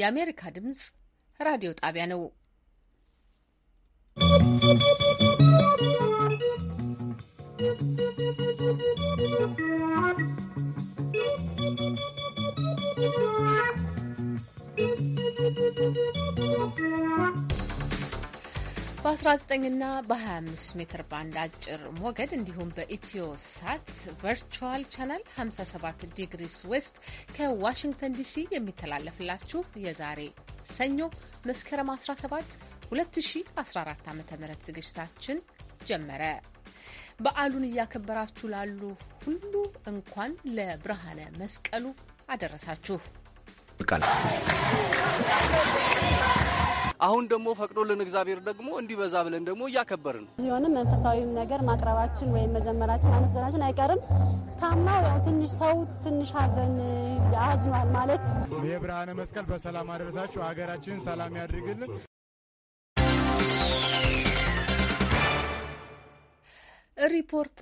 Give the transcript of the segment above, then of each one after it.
የአሜሪካ ድምጽ ራዲዮ ጣቢያ ነው። በ19 ና በ25 ሜትር ባንድ አጭር ሞገድ እንዲሁም በኢትዮ ሳት ቨርቹዋል ቻናል 57 ዲግሪስ ዌስት ከዋሽንግተን ዲሲ የሚተላለፍላችሁ የዛሬ ሰኞ መስከረም 17 2014 ዓ ም ዝግጅታችን ጀመረ። በዓሉን እያከበራችሁ ላሉ ሁሉ እንኳን ለብርሃነ መስቀሉ አደረሳችሁ። ቃል አሁን ደግሞ ፈቅዶልን እግዚአብሔር ደግሞ እንዲበዛ ብለን ደግሞ እያከበርን ነው። መንፈሳዊም ነገር ማቅረባችን ወይም መዘመራችን ማመስገናችን አይቀርም። ካምናው ያው ትንሽ ሰው ትንሽ ሀዘን አዝኗል ማለት የብርሃነ መስቀል በሰላም አደረሳችሁ፣ ሀገራችንን ሰላም ያድርግልን። ሪፖርት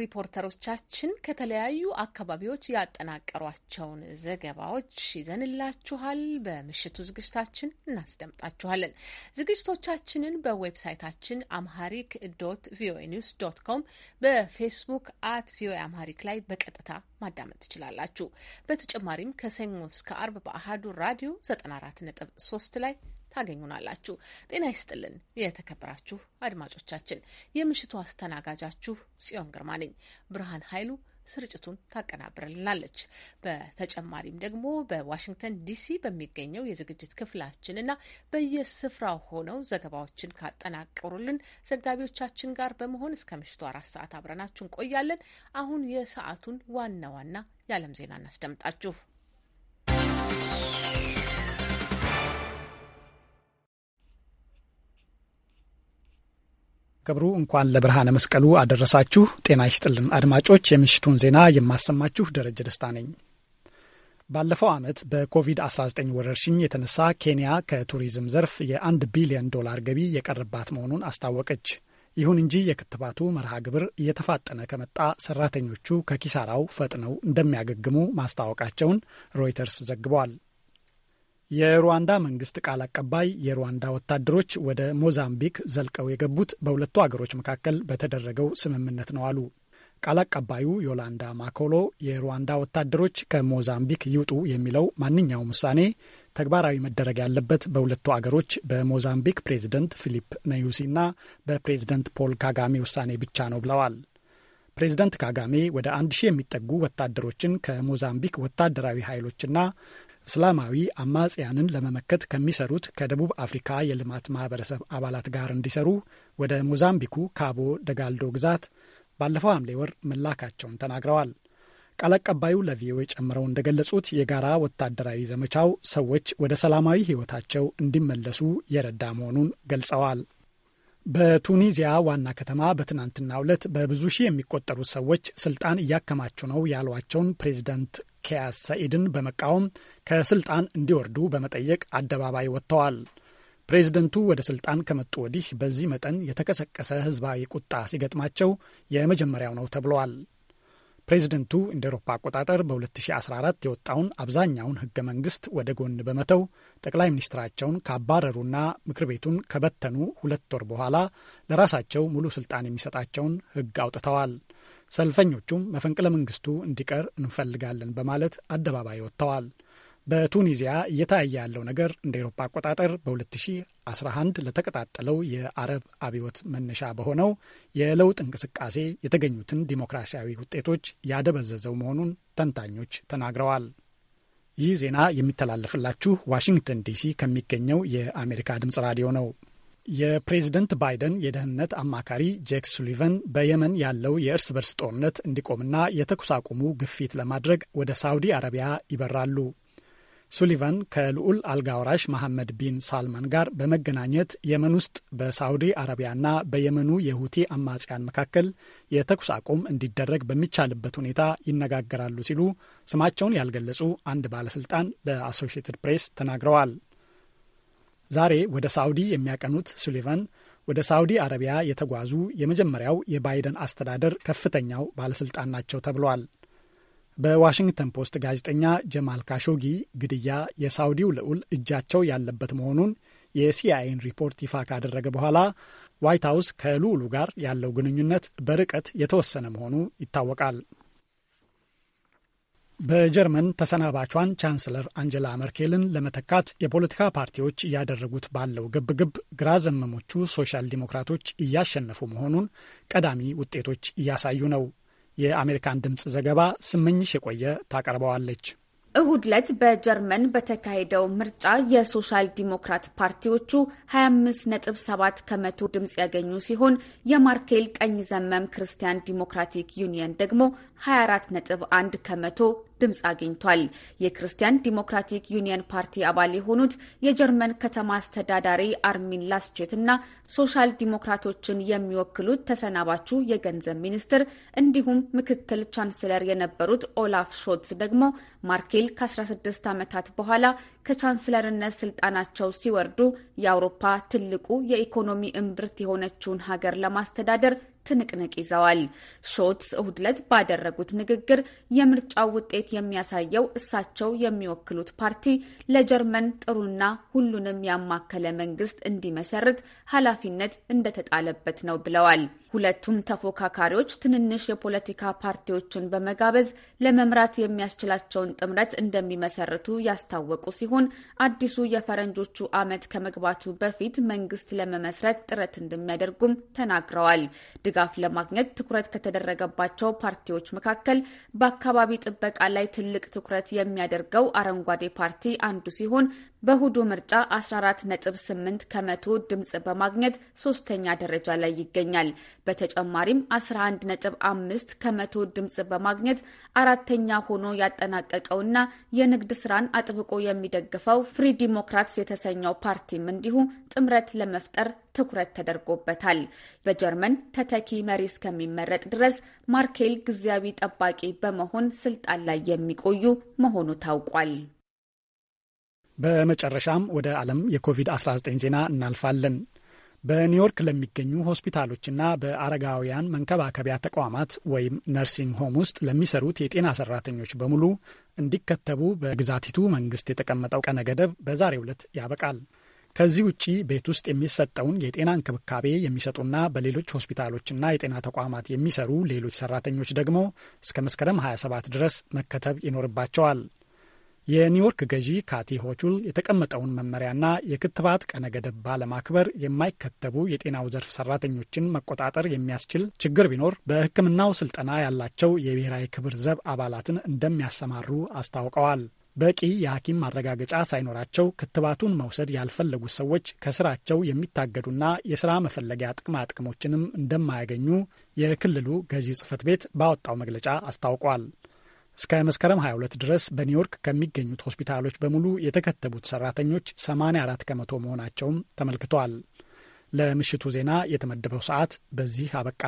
ሪፖርተሮቻችን ከተለያዩ አካባቢዎች ያጠናቀሯቸውን ዘገባዎች ይዘንላችኋል። በምሽቱ ዝግጅታችን እናስደምጣችኋለን። ዝግጅቶቻችንን በዌብሳይታችን አምሃሪክ ዶት ቪኦኤ ኒውስ ዶት ኮም፣ በፌስቡክ አት ቪኦኤ አምሃሪክ ላይ በቀጥታ ማዳመጥ ትችላላችሁ። በተጨማሪም ከሰኞ እስከ አርብ በአሀዱ ራዲዮ 94.3 ላይ ታገኙናላችሁ። ጤና ይስጥልን የተከበራችሁ አድማጮቻችን፣ የምሽቱ አስተናጋጃችሁ ጽዮን ግርማ ነኝ። ብርሃን ኃይሉ ስርጭቱን ታቀናብርልናለች። በተጨማሪም ደግሞ በዋሽንግተን ዲሲ በሚገኘው የዝግጅት ክፍላችንና በየስፍራው ሆነው ዘገባዎችን ካጠናቀሩልን ዘጋቢዎቻችን ጋር በመሆን እስከ ምሽቱ አራት ሰዓት አብረናችሁ እንቆያለን። አሁን የሰዓቱን ዋና ዋና የዓለም ዜና እናስደምጣችሁ። ክብሩ እንኳን ለብርሃነ መስቀሉ አደረሳችሁ። ጤና ይስጥልን አድማጮች፣ የምሽቱን ዜና የማሰማችሁ ደረጀ ደስታ ነኝ። ባለፈው ዓመት በኮቪድ-19 ወረርሽኝ የተነሳ ኬንያ ከቱሪዝም ዘርፍ የአንድ ቢሊዮን ዶላር ገቢ የቀረባት መሆኑን አስታወቀች። ይሁን እንጂ የክትባቱ መርሃ ግብር እየተፋጠነ ከመጣ ሰራተኞቹ ከኪሳራው ፈጥነው እንደሚያገግሙ ማስታወቃቸውን ሮይተርስ ዘግቧል። የሩዋንዳ መንግስት ቃል አቀባይ የሩዋንዳ ወታደሮች ወደ ሞዛምቢክ ዘልቀው የገቡት በሁለቱ አገሮች መካከል በተደረገው ስምምነት ነው አሉ። ቃል አቀባዩ ዮላንዳ ማኮሎ የሩዋንዳ ወታደሮች ከሞዛምቢክ ይውጡ የሚለው ማንኛውም ውሳኔ ተግባራዊ መደረግ ያለበት በሁለቱ አገሮች በሞዛምቢክ ፕሬዝደንት ፊሊፕ ነዩሲና በፕሬዝደንት ፖል ካጋሜ ውሳኔ ብቻ ነው ብለዋል። ፕሬዝደንት ካጋሜ ወደ አንድ ሺህ የሚጠጉ ወታደሮችን ከሞዛምቢክ ወታደራዊ ኃይሎችና እስላማዊ አማጽያንን ለመመከት ከሚሰሩት ከደቡብ አፍሪካ የልማት ማህበረሰብ አባላት ጋር እንዲሰሩ ወደ ሞዛምቢኩ ካቦ ደጋልዶ ግዛት ባለፈው ሐምሌ ወር መላካቸውን ተናግረዋል። ቃል አቀባዩ ለቪኦኤ ጨምረው እንደገለጹት የጋራ ወታደራዊ ዘመቻው ሰዎች ወደ ሰላማዊ ሕይወታቸው እንዲመለሱ የረዳ መሆኑን ገልጸዋል። በቱኒዚያ ዋና ከተማ በትናንትናው ዕለት በብዙ ሺህ የሚቆጠሩ ሰዎች ስልጣን እያከማቹ ነው ያሏቸውን ፕሬዚዳንት ኬያስ ሰኢድን በመቃወም ከስልጣን እንዲወርዱ በመጠየቅ አደባባይ ወጥተዋል። ፕሬዚደንቱ ወደ ስልጣን ከመጡ ወዲህ በዚህ መጠን የተቀሰቀሰ ህዝባዊ ቁጣ ሲገጥማቸው የመጀመሪያው ነው ተብለዋል። ፕሬዚደንቱ እንደ ኤሮፓ አቆጣጠር በ2014 የወጣውን አብዛኛውን ህገ መንግስት ወደ ጎን በመተው ጠቅላይ ሚኒስትራቸውን ካባረሩና ምክር ቤቱን ከበተኑ ሁለት ወር በኋላ ለራሳቸው ሙሉ ስልጣን የሚሰጣቸውን ህግ አውጥተዋል። ሰልፈኞቹም መፈንቅለ መንግስቱ እንዲቀር እንፈልጋለን በማለት አደባባይ ወጥተዋል። በቱኒዚያ እየታየ ያለው ነገር እንደ ኤሮፓ አቆጣጠር በ2011 ለተቀጣጠለው የአረብ አብዮት መነሻ በሆነው የለውጥ እንቅስቃሴ የተገኙትን ዲሞክራሲያዊ ውጤቶች ያደበዘዘው መሆኑን ተንታኞች ተናግረዋል። ይህ ዜና የሚተላለፍላችሁ ዋሽንግተን ዲሲ ከሚገኘው የአሜሪካ ድምጽ ራዲዮ ነው። የፕሬዝደንት ባይደን የደህንነት አማካሪ ጄክ ሱሊቨን በየመን ያለው የእርስ በርስ ጦርነት እንዲቆምና የተኩስ አቁሙ ግፊት ለማድረግ ወደ ሳውዲ አረቢያ ይበራሉ። ሱሊቫን ከልዑል አልጋ አውራሽ መሐመድ ቢን ሳልማን ጋር በመገናኘት የመን ውስጥ በሳውዲ አረቢያና በየመኑ የሁቲ አማጽያን መካከል የተኩስ አቁም እንዲደረግ በሚቻልበት ሁኔታ ይነጋገራሉ ሲሉ ስማቸውን ያልገለጹ አንድ ባለስልጣን ለአሶሺየትድ ፕሬስ ተናግረዋል። ዛሬ ወደ ሳውዲ የሚያቀኑት ሱሊቫን ወደ ሳውዲ አረቢያ የተጓዙ የመጀመሪያው የባይደን አስተዳደር ከፍተኛው ባለስልጣን ናቸው ተብሏል። በዋሽንግተን ፖስት ጋዜጠኛ ጀማል ካሾጊ ግድያ የሳውዲው ልዑል እጃቸው ያለበት መሆኑን የሲአይኤን ሪፖርት ይፋ ካደረገ በኋላ ዋይት ሀውስ ከልዑሉ ጋር ያለው ግንኙነት በርቀት የተወሰነ መሆኑ ይታወቃል። በጀርመን ተሰናባቿን ቻንስለር አንጀላ መርኬልን ለመተካት የፖለቲካ ፓርቲዎች እያደረጉት ባለው ግብግብ ግራ ዘመሞቹ ሶሻል ዲሞክራቶች እያሸነፉ መሆኑን ቀዳሚ ውጤቶች እያሳዩ ነው። የአሜሪካን ድምፅ ዘገባ ስመኝሽ የቆየ ታቀርበዋለች። እሁድ ዕለት በጀርመን በተካሄደው ምርጫ የሶሻል ዲሞክራት ፓርቲዎቹ 25.7 ከመቶ ድምፅ ያገኙ ሲሆን የማርኬል ቀኝ ዘመም ክርስቲያን ዲሞክራቲክ ዩኒየን ደግሞ 24.1 ከመቶ ድምፅ አግኝቷል። የክርስቲያን ዲሞክራቲክ ዩኒየን ፓርቲ አባል የሆኑት የጀርመን ከተማ አስተዳዳሪ አርሚን ላስቼት እና ሶሻል ዲሞክራቶችን የሚወክሉት ተሰናባቹ የገንዘብ ሚኒስትር እንዲሁም ምክትል ቻንስለር የነበሩት ኦላፍ ሾትስ ደግሞ ማርኬል ከ16 ዓመታት በኋላ ከቻንስለርነት ስልጣናቸው ሲወርዱ የአውሮፓ ትልቁ የኢኮኖሚ እምብርት የሆነችውን ሀገር ለማስተዳደር ትንቅንቅ ይዘዋል። ሾትስ እሁድ ዕለት ባደረጉት ንግግር የምርጫው ውጤት የሚያሳየው እሳቸው የሚወክሉት ፓርቲ ለጀርመን ጥሩና ሁሉንም ያማከለ መንግስት እንዲመሰርት ኃላፊነት እንደተጣለበት ነው ብለዋል። ሁለቱም ተፎካካሪዎች ትንንሽ የፖለቲካ ፓርቲዎችን በመጋበዝ ለመምራት የሚያስችላቸውን ጥምረት እንደሚመሰርቱ ያስታወቁ ሲሆን አዲሱ የፈረንጆቹ ዓመት ከመግባቱ በፊት መንግስት ለመመስረት ጥረት እንደሚያደርጉም ተናግረዋል። ድጋፍ ለማግኘት ትኩረት ከተደረገባቸው ፓርቲዎች መካከል በአካባቢ ጥበቃ ላይ ትልቅ ትኩረት የሚያደርገው አረንጓዴ ፓርቲ አንዱ ሲሆን በሁዱ ምርጫ 14.8 ከመቶ ድምፅ በማግኘት ሶስተኛ ደረጃ ላይ ይገኛል። በተጨማሪም 11.5 ከመቶ ድምፅ በማግኘት አራተኛ ሆኖ ያጠናቀቀውና የንግድ ስራን አጥብቆ የሚደግፈው ፍሪ ዲሞክራትስ የተሰኘው ፓርቲም እንዲሁ ጥምረት ለመፍጠር ትኩረት ተደርጎበታል። በጀርመን ተተኪ መሪ እስከሚመረጥ ድረስ ማርኬል ጊዜያዊ ጠባቂ በመሆን ስልጣን ላይ የሚቆዩ መሆኑ ታውቋል። በመጨረሻም ወደ ዓለም የኮቪድ-19 ዜና እናልፋለን። በኒውዮርክ ለሚገኙ ሆስፒታሎችና በአረጋውያን መንከባከቢያ ተቋማት ወይም ነርሲንግ ሆም ውስጥ ለሚሰሩት የጤና ሰራተኞች በሙሉ እንዲከተቡ በግዛቲቱ መንግስት የተቀመጠው ቀነ ገደብ በዛሬው ዕለት ያበቃል። ከዚህ ውጪ ቤት ውስጥ የሚሰጠውን የጤና እንክብካቤ የሚሰጡና በሌሎች ሆስፒታሎችና የጤና ተቋማት የሚሰሩ ሌሎች ሰራተኞች ደግሞ እስከ መስከረም 27 ድረስ መከተብ ይኖርባቸዋል። የኒውዮርክ ገዢ ካቲ ሆቹል የተቀመጠውን መመሪያና የክትባት ቀነ ገደብ ባለማክበር የማይከተቡ የጤናው ዘርፍ ሰራተኞችን መቆጣጠር የሚያስችል ችግር ቢኖር በሕክምናው ስልጠና ያላቸው የብሔራዊ ክብር ዘብ አባላትን እንደሚያሰማሩ አስታውቀዋል። በቂ የሐኪም ማረጋገጫ ሳይኖራቸው ክትባቱን መውሰድ ያልፈለጉ ሰዎች ከስራቸው የሚታገዱና የስራ መፈለጊያ ጥቅማ ጥቅሞችንም እንደማያገኙ የክልሉ ገዢ ጽህፈት ቤት ባወጣው መግለጫ አስታውቋል። እስከ መስከረም 22 ድረስ በኒውዮርክ ከሚገኙት ሆስፒታሎች በሙሉ የተከተቡት ሰራተኞች 84 ከመቶ መሆናቸውም ተመልክተዋል። ለምሽቱ ዜና የተመደበው ሰዓት በዚህ አበቃ።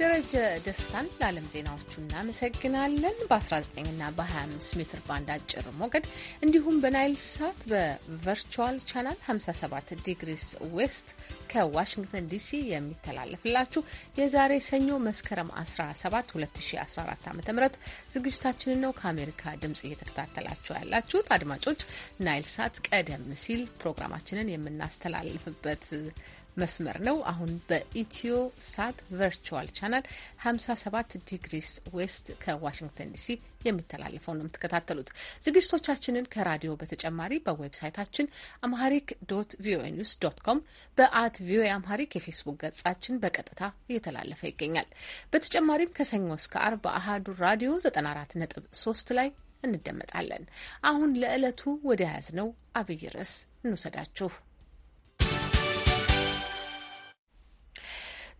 ደረጀ ደስታን ለዓለም ዜናዎቹ እናመሰግናለን። 19 እና በ25 ሜትር ባንድ አጭር ሞገድ እንዲሁም በናይል ሳት በቨርቹዋል ቻናል 57 ዲግሪስ ዌስት ከዋሽንግተን ዲሲ የሚተላለፍላችሁ የዛሬ ሰኞ መስከረም 17 2014 ዓ ም ዝግጅታችንን ነው ከአሜሪካ ድምጽ እየተከታተላችሁ ያላችሁት አድማጮች። ናይል ሳት ቀደም ሲል ፕሮግራማችንን የምናስተላልፍበት መስመር ነው። አሁን በኢትዮ ሳት ቨርቹዋል ቻናል 57 ዲግሪስ ዌስት ከዋሽንግተን ዲሲ የሚተላለፈው ነው የምትከታተሉት። ዝግጅቶቻችንን ከራዲዮ በተጨማሪ በዌብሳይታችን አምሃሪክ ዶት ቪኦኤ ኒውስ ዶት ኮም፣ በአት ቪኦኤ አምሃሪክ የፌስቡክ ገጻችን በቀጥታ እየተላለፈ ይገኛል። በተጨማሪም ከሰኞ እስከ አርብ በአሀዱ ራዲዮ 94.3 ላይ እንደመጣለን። አሁን ለዕለቱ ወደ ያዝነው አብይ ርዕስ እንውሰዳችሁ።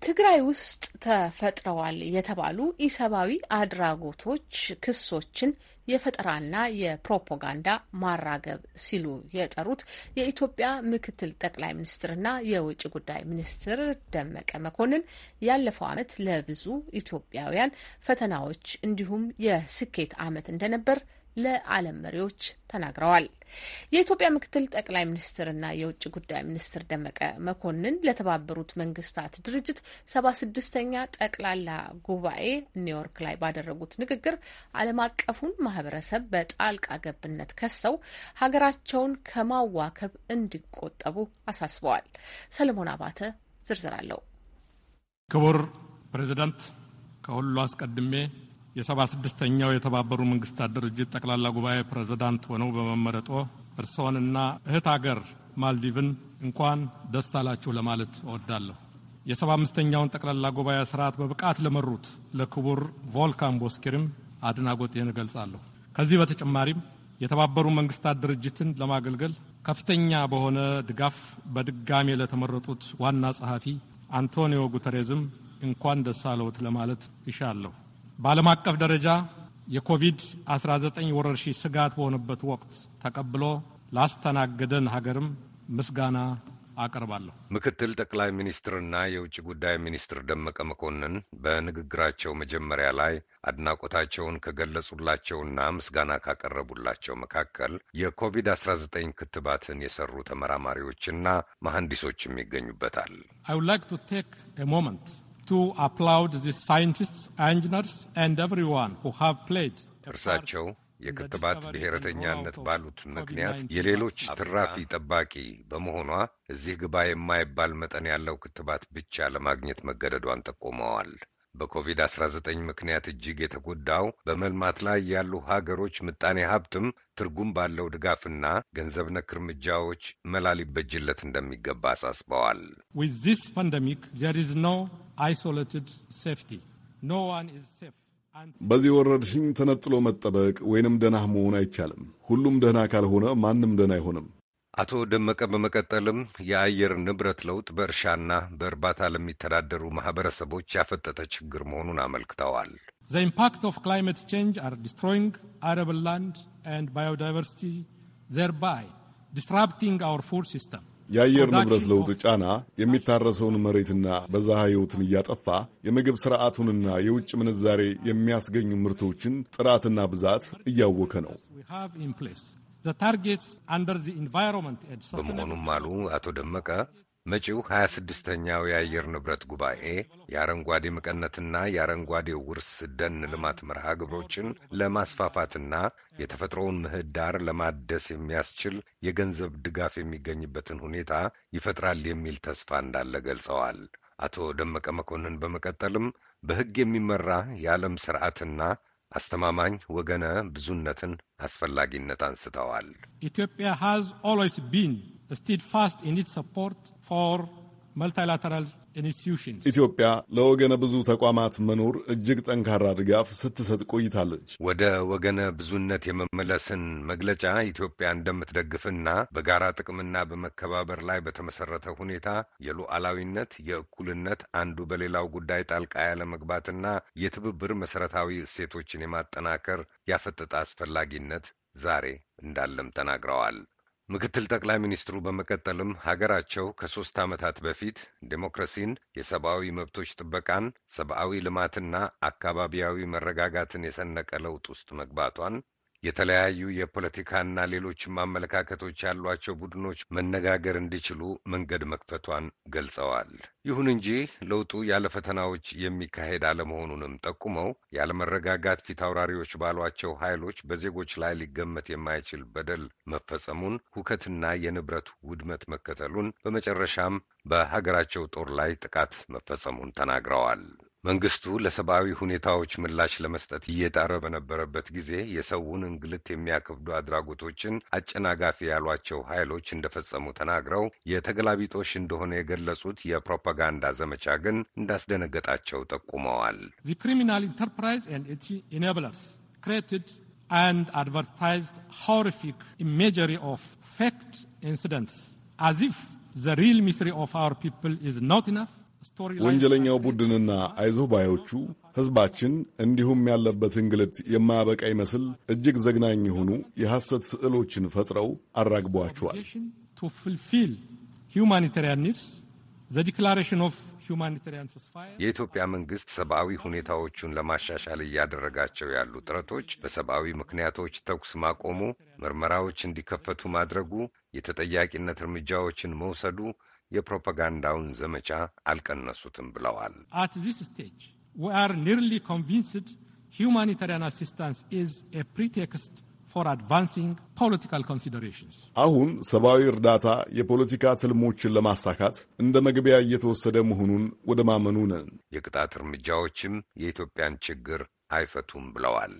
ትግራይ ውስጥ ተፈጥረዋል የተባሉ ኢሰብአዊ አድራጎቶች ክሶችን የፈጠራና የፕሮፓጋንዳ ማራገብ ሲሉ የጠሩት የኢትዮጵያ ምክትል ጠቅላይ ሚኒስትርና የውጭ ጉዳይ ሚኒስትር ደመቀ መኮንን ያለፈው ዓመት ለብዙ ኢትዮጵያውያን ፈተናዎች እንዲሁም የስኬት ዓመት እንደነበር ለዓለም መሪዎች ተናግረዋል። የኢትዮጵያ ምክትል ጠቅላይ ሚኒስትርና የውጭ ጉዳይ ሚኒስትር ደመቀ መኮንን ለተባበሩት መንግስታት ድርጅት ሰባ ስድስተኛ ጠቅላላ ጉባኤ ኒውዮርክ ላይ ባደረጉት ንግግር ዓለም አቀፉን ማህበረሰብ በጣልቃ ገብነት ከሰው ሀገራቸውን ከማዋከብ እንዲቆጠቡ አሳስበዋል። ሰለሞን አባተ ዝርዝር አለው። ክቡር ፕሬዚዳንት ከሁሉ አስቀድሜ የሰባ ስድስተኛው የተባበሩ መንግስታት ድርጅት ጠቅላላ ጉባኤ ፕሬዝዳንት ሆነው በመመረጦ እርስዎንና እህት አገር ማልዲቭን እንኳን ደስ አላችሁ ለማለት እወዳለሁ። የሰባ አምስተኛውን ጠቅላላ ጉባኤ ስርዓት በብቃት ለመሩት ለክቡር ቮልካን ቦስኪርም አድናቆቴን እገልጻለሁ። ከዚህ በተጨማሪም የተባበሩ መንግስታት ድርጅትን ለማገልገል ከፍተኛ በሆነ ድጋፍ በድጋሜ ለተመረጡት ዋና ጸሐፊ አንቶኒዮ ጉተሬዝም እንኳን ደስ አለዎት ለማለት ይሻለሁ። በዓለም አቀፍ ደረጃ የኮቪድ-19 ወረርሽኝ ስጋት በሆነበት ወቅት ተቀብሎ ላስተናገደን ሀገርም ምስጋና አቀርባለሁ። ምክትል ጠቅላይ ሚኒስትርና የውጭ ጉዳይ ሚኒስትር ደመቀ መኮንን በንግግራቸው መጀመሪያ ላይ አድናቆታቸውን ከገለጹላቸውና ምስጋና ካቀረቡላቸው መካከል የኮቪድ-19 ክትባትን የሰሩ ተመራማሪዎችና መሐንዲሶችም ይገኙበታል። አይ ውድ ላይክ ቱ ቴክ ኤ ሞመንት to applaud the scientists, engineers and everyone who have played እርሳቸው የክትባት ብሔረተኛነት ባሉት ምክንያት የሌሎች ትራፊ ጠባቂ በመሆኗ እዚህ ግባ የማይባል መጠን ያለው ክትባት ብቻ ለማግኘት መገደዷን ጠቁመዋል። በኮቪድ-19 ምክንያት እጅግ የተጎዳው በመልማት ላይ ያሉ ሀገሮች ምጣኔ ሀብትም ትርጉም ባለው ድጋፍና ገንዘብ ነክ እርምጃዎች መላ ሊበጅለት እንደሚገባ አሳስበዋል። በዚህ ወረርሽኝ ተነጥሎ መጠበቅ ወይንም ደህና መሆን አይቻልም። ሁሉም ደህና ካልሆነ ማንም ደህና አይሆንም። አቶ ደመቀ በመቀጠልም የአየር ንብረት ለውጥ በእርሻና በእርባታ ለሚተዳደሩ ማህበረሰቦች ያፈጠጠ ችግር መሆኑን አመልክተዋል። ዘ ኢምፓክት ኦፍ ክላይሜት ቼንጅ አር ዲስትሮይንግ አረብል ላንድ ኤንድ ባዮዳይቨርሲቲ ዘርባይ ዲስራፕቲንግ አወር ፉድ ሲስተም የአየር ንብረት ለውጥ ጫና የሚታረሰውን መሬትና በዛ ህይወትን እያጠፋ የምግብ ስርዓቱንና የውጭ ምንዛሬ የሚያስገኙ ምርቶችን ጥራትና ብዛት እያወከ ነው። በመሆኑም አሉ አቶ ደመቀ መጪው 26ኛው የአየር ንብረት ጉባኤ የአረንጓዴ መቀነትና የአረንጓዴ ውርስ ደን ልማት መርሃ ግብሮችን ለማስፋፋትና የተፈጥሮውን ምህዳር ለማደስ የሚያስችል የገንዘብ ድጋፍ የሚገኝበትን ሁኔታ ይፈጥራል የሚል ተስፋ እንዳለ ገልጸዋል። አቶ ደመቀ መኮንን በመቀጠልም በሕግ የሚመራ የዓለም ስርዓትና። አስተማማኝ ወገነ ብዙነትን አስፈላጊነት አንስተዋል። ኢትዮጵያ ሃዝ ኦልዌይስ ቢን ስቲድፋስት ኢን ኢትስ ሰፖርት ፎር መልታይላተራል ኢንስቲትዩሽንስ ኢትዮጵያ ለወገነ ብዙ ተቋማት መኖር እጅግ ጠንካራ ድጋፍ ስትሰጥ ቆይታለች። ወደ ወገነ ብዙነት የመመለስን መግለጫ ኢትዮጵያ እንደምትደግፍና በጋራ ጥቅምና በመከባበር ላይ በተመሰረተ ሁኔታ የሉዓላዊነት፣ የእኩልነት፣ አንዱ በሌላው ጉዳይ ጣልቃ ያለመግባትና የትብብር መሰረታዊ እሴቶችን የማጠናከር ያፈጠጠ አስፈላጊነት ዛሬ እንዳለም ተናግረዋል። ምክትል ጠቅላይ ሚኒስትሩ በመቀጠልም ሀገራቸው ከሦስት ዓመታት በፊት ዴሞክራሲን፣ የሰብአዊ መብቶች ጥበቃን፣ ሰብአዊ ልማትና አካባቢያዊ መረጋጋትን የሰነቀ ለውጥ ውስጥ መግባቷን የተለያዩ የፖለቲካና ሌሎችም አመለካከቶች ያሏቸው ቡድኖች መነጋገር እንዲችሉ መንገድ መክፈቷን ገልጸዋል። ይሁን እንጂ ለውጡ ያለ ፈተናዎች የሚካሄድ አለመሆኑንም ጠቁመው ያለመረጋጋት ፊት አውራሪዎች ባሏቸው ኃይሎች በዜጎች ላይ ሊገመት የማይችል በደል መፈጸሙን፣ ሁከትና የንብረት ውድመት መከተሉን፣ በመጨረሻም በሀገራቸው ጦር ላይ ጥቃት መፈጸሙን ተናግረዋል። መንግስቱ ለሰብአዊ ሁኔታዎች ምላሽ ለመስጠት እየጣረ በነበረበት ጊዜ የሰውን እንግልት የሚያከብዱ አድራጎቶችን አጨናጋፊ ያሏቸው ኃይሎች እንደፈጸሙ ተናግረው የተገላቢጦሽ እንደሆነ የገለጹት የፕሮፓጋንዳ ዘመቻ ግን እንዳስደነገጣቸው ጠቁመዋል። ክሪሚናል ኢንተርፕራይዝ ኢነብለርስ ክሬትድ አንድ አድቨርታይዝድ ሆሪፊክ ኢሜጀሪ ኦፍ ፌክት ኢንሲደንትስ አዝ ኢፍ ዘ ሪል ሚስሪ ኦፍ አወር ፒፕል ኢዝ ኖት ኢነፍ ወንጀለኛው ቡድንና አይዞህ ባዮቹ ሕዝባችን እንዲሁም ያለበት እንግልት የማያበቃ ይመስል እጅግ ዘግናኝ የሆኑ የሐሰት ስዕሎችን ፈጥረው አራግቧቸዋል። የኢትዮጵያ መንግሥት ሰብአዊ ሁኔታዎቹን ለማሻሻል እያደረጋቸው ያሉ ጥረቶች በሰብአዊ ምክንያቶች ተኩስ ማቆሙ፣ ምርመራዎች እንዲከፈቱ ማድረጉ፣ የተጠያቂነት እርምጃዎችን መውሰዱ የፕሮፓጋንዳውን ዘመቻ አልቀነሱትም ብለዋል። አት ዚስ ስቴጅ ዊ አር ኒርሊ ኮንቪንስድ ሁማኒታሪያን አሲስታንስ ኢዝ ኤ ፕሪቴክስት ፎር አድቫንሲንግ ፖለቲካል ኮንሲደሬሽንስ። አሁን ሰብአዊ እርዳታ የፖለቲካ ትልሞችን ለማሳካት እንደ መግቢያ እየተወሰደ መሆኑን ወደ ማመኑ ነን። የቅጣት እርምጃዎችም የኢትዮጵያን ችግር አይፈቱም ብለዋል።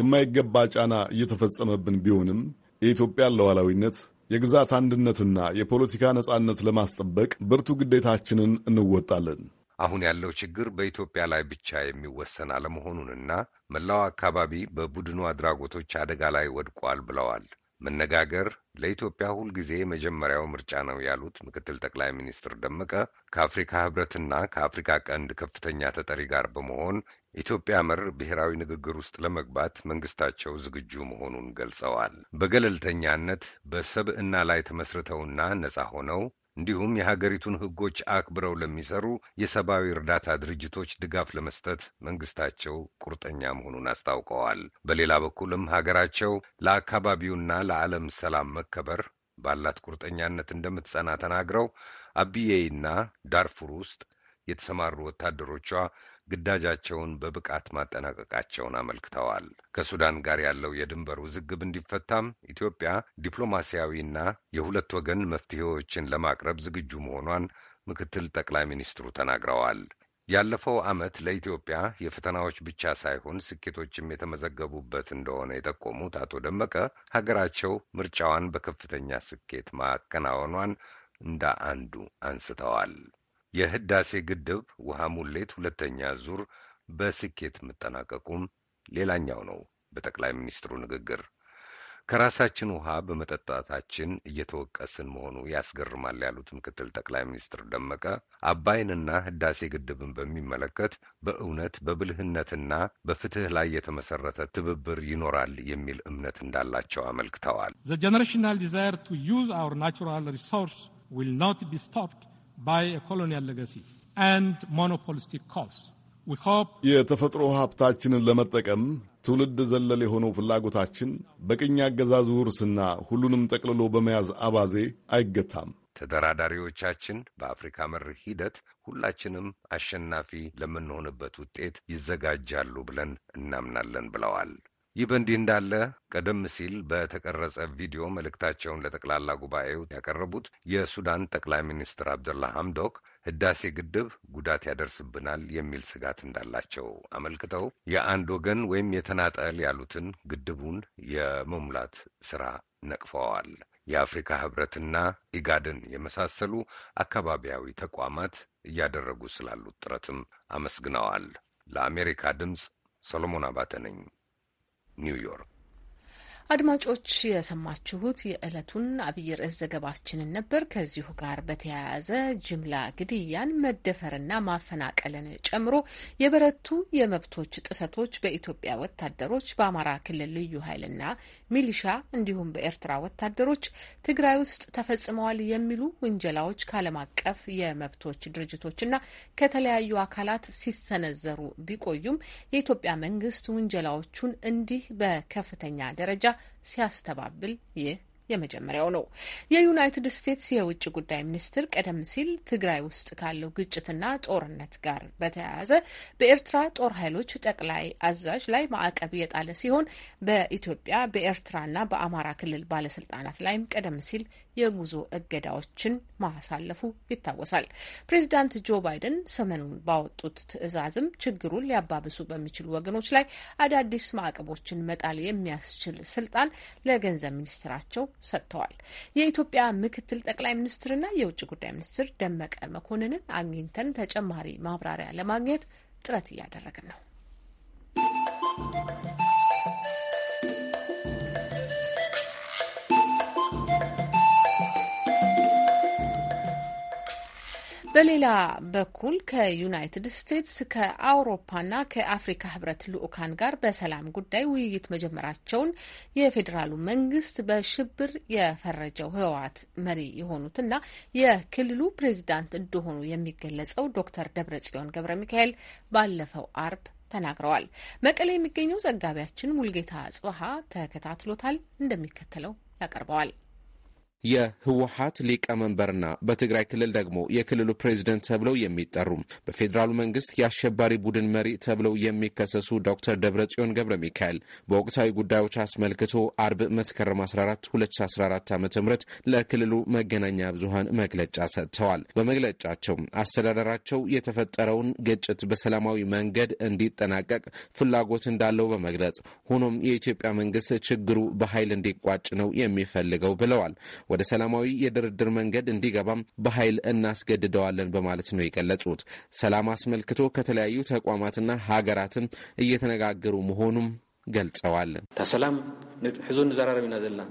የማይገባ ጫና እየተፈጸመብን ቢሆንም የኢትዮጵያን ሉዓላዊነት የግዛት አንድነትና የፖለቲካ ነጻነት ለማስጠበቅ ብርቱ ግዴታችንን እንወጣለን። አሁን ያለው ችግር በኢትዮጵያ ላይ ብቻ የሚወሰን አለመሆኑንና መላው አካባቢ በቡድኑ አድራጎቶች አደጋ ላይ ወድቋል ብለዋል። መነጋገር ለኢትዮጵያ ሁልጊዜ የመጀመሪያው ምርጫ ነው ያሉት ምክትል ጠቅላይ ሚኒስትር ደመቀ ከአፍሪካ ህብረትና ከአፍሪካ ቀንድ ከፍተኛ ተጠሪ ጋር በመሆን ኢትዮጵያ መር ብሔራዊ ንግግር ውስጥ ለመግባት መንግስታቸው ዝግጁ መሆኑን ገልጸዋል። በገለልተኛነት በሰብዕና ላይ ተመስርተውና ነጻ ሆነው እንዲሁም የሀገሪቱን ሕጎች አክብረው ለሚሰሩ የሰብአዊ እርዳታ ድርጅቶች ድጋፍ ለመስጠት መንግስታቸው ቁርጠኛ መሆኑን አስታውቀዋል። በሌላ በኩልም ሀገራቸው ለአካባቢውና ለዓለም ሰላም መከበር ባላት ቁርጠኛነት እንደምትጸና ተናግረው አብዬይና ዳርፉር ውስጥ የተሰማሩ ወታደሮቿ ግዳጃቸውን በብቃት ማጠናቀቃቸውን አመልክተዋል። ከሱዳን ጋር ያለው የድንበር ውዝግብ እንዲፈታም ኢትዮጵያ ዲፕሎማሲያዊና የሁለት ወገን መፍትሄዎችን ለማቅረብ ዝግጁ መሆኗን ምክትል ጠቅላይ ሚኒስትሩ ተናግረዋል። ያለፈው ዓመት ለኢትዮጵያ የፈተናዎች ብቻ ሳይሆን ስኬቶችም የተመዘገቡበት እንደሆነ የጠቆሙት አቶ ደመቀ ሀገራቸው ምርጫዋን በከፍተኛ ስኬት ማከናወኗን እንደ አንዱ አንስተዋል። የህዳሴ ግድብ ውሃ ሙሌት ሁለተኛ ዙር በስኬት መጠናቀቁም ሌላኛው ነው። በጠቅላይ ሚኒስትሩ ንግግር ከራሳችን ውሃ በመጠጣታችን እየተወቀስን መሆኑ ያስገርማል ያሉት ምክትል ጠቅላይ ሚኒስትር ደመቀ አባይንና ህዳሴ ግድብን በሚመለከት በእውነት በብልህነትና በፍትህ ላይ የተመሰረተ ትብብር ይኖራል የሚል እምነት እንዳላቸው አመልክተዋል። ዘ ጀነሬሽናል ዲዛየር ቱ ዩዝ አወር ናቹራል ሪሶርስ ዊል ኖት ቢ ስቶፕድ ባይ ኮሎኒያል colonial legacy and monopolistic የተፈጥሮ ሀብታችንን ለመጠቀም ትውልድ ዘለል የሆነው ፍላጎታችን በቅኝ አገዛዙ ውርስና ሁሉንም ጠቅልሎ በመያዝ አባዜ አይገታም። ተደራዳሪዎቻችን በአፍሪካ መር ሂደት ሁላችንም አሸናፊ ለምንሆንበት ውጤት ይዘጋጃሉ ብለን እናምናለን ብለዋል። ይህ በእንዲህ እንዳለ ቀደም ሲል በተቀረጸ ቪዲዮ መልእክታቸውን ለጠቅላላ ጉባኤው ያቀረቡት የሱዳን ጠቅላይ ሚኒስትር አብደላ ሐምዶክ ህዳሴ ግድብ ጉዳት ያደርስብናል የሚል ስጋት እንዳላቸው አመልክተው የአንድ ወገን ወይም የተናጠል ያሉትን ግድቡን የመሙላት ስራ ነቅፈዋል። የአፍሪካ ህብረትና ኢጋድን የመሳሰሉ አካባቢያዊ ተቋማት እያደረጉ ስላሉት ጥረትም አመስግነዋል። ለአሜሪካ ድምፅ ሰሎሞን አባተ ነኝ። New York. አድማጮች የሰማችሁት የዕለቱን አብይ ርዕስ ዘገባችንን ነበር። ከዚሁ ጋር በተያያዘ ጅምላ ግድያን፣ መደፈርና ማፈናቀልን ጨምሮ የበረቱ የመብቶች ጥሰቶች በኢትዮጵያ ወታደሮች፣ በአማራ ክልል ልዩ ኃይልና ሚሊሻ እንዲሁም በኤርትራ ወታደሮች ትግራይ ውስጥ ተፈጽመዋል የሚሉ ውንጀላዎች ከዓለም አቀፍ የመብቶች ድርጅቶችና ከተለያዩ አካላት ሲሰነዘሩ ቢቆዩም የኢትዮጵያ መንግስት ውንጀላዎቹን እንዲህ በከፍተኛ ደረጃ ሲያስተባብል ይህ የመጀመሪያው ነው። የዩናይትድ ስቴትስ የውጭ ጉዳይ ሚኒስትር ቀደም ሲል ትግራይ ውስጥ ካለው ግጭትና ጦርነት ጋር በተያያዘ በኤርትራ ጦር ኃይሎች ጠቅላይ አዛዥ ላይ ማዕቀብ የጣለ ሲሆን በኢትዮጵያ በኤርትራና በአማራ ክልል ባለስልጣናት ላይም ቀደም ሲል የጉዞ እገዳዎችን ማሳለፉ ይታወሳል። ፕሬዚዳንት ጆ ባይደን ሰሞኑን ባወጡት ትዕዛዝም ችግሩን ሊያባብሱ በሚችሉ ወገኖች ላይ አዳዲስ ማዕቀቦችን መጣል የሚያስችል ስልጣን ለገንዘብ ሚኒስትራቸው ሰጥተዋል። የኢትዮጵያ ምክትል ጠቅላይ ሚኒስትርና የውጭ ጉዳይ ሚኒስትር ደመቀ መኮንንን አግኝተን ተጨማሪ ማብራሪያ ለማግኘት ጥረት እያደረግን ነው። በሌላ በኩል ከዩናይትድ ስቴትስ ከአውሮፓና ከአፍሪካ ህብረት ልዑካን ጋር በሰላም ጉዳይ ውይይት መጀመራቸውን የፌዴራሉ መንግስት በሽብር የፈረጀው ህወሓት መሪ የሆኑትና የክልሉ ፕሬዚዳንት እንደሆኑ የሚገለጸው ዶክተር ደብረጽዮን ገብረ ሚካኤል ባለፈው አርብ ተናግረዋል። መቀሌ የሚገኘው ዘጋቢያችን ሙልጌታ ጽብሃ ተከታትሎታል፣ እንደሚከተለው ያቀርበዋል። የህወሀት ሊቀመንበርና በትግራይ ክልል ደግሞ የክልሉ ፕሬዚደንት ተብለው የሚጠሩ በፌዴራሉ መንግስት የአሸባሪ ቡድን መሪ ተብለው የሚከሰሱ ዶክተር ደብረጽዮን ገብረ ሚካኤል በወቅታዊ ጉዳዮች አስመልክቶ አርብ መስከረም 14 2014 ዓ ም ለክልሉ መገናኛ ብዙሀን መግለጫ ሰጥተዋል። በመግለጫቸው አስተዳደራቸው የተፈጠረውን ግጭት በሰላማዊ መንገድ እንዲጠናቀቅ ፍላጎት እንዳለው በመግለጽ ሆኖም የኢትዮጵያ መንግስት ችግሩ በኃይል እንዲቋጭ ነው የሚፈልገው ብለዋል። ወደ ሰላማዊ የድርድር መንገድ እንዲገባም በኃይል እናስገድደዋለን በማለት ነው የገለጹት። ሰላም አስመልክቶ ከተለያዩ ተቋማትና ሀገራትም እየተነጋገሩ መሆኑም ገልጸዋል። ሰላም ሕዙ እንዘራረብ ኢና ዘለና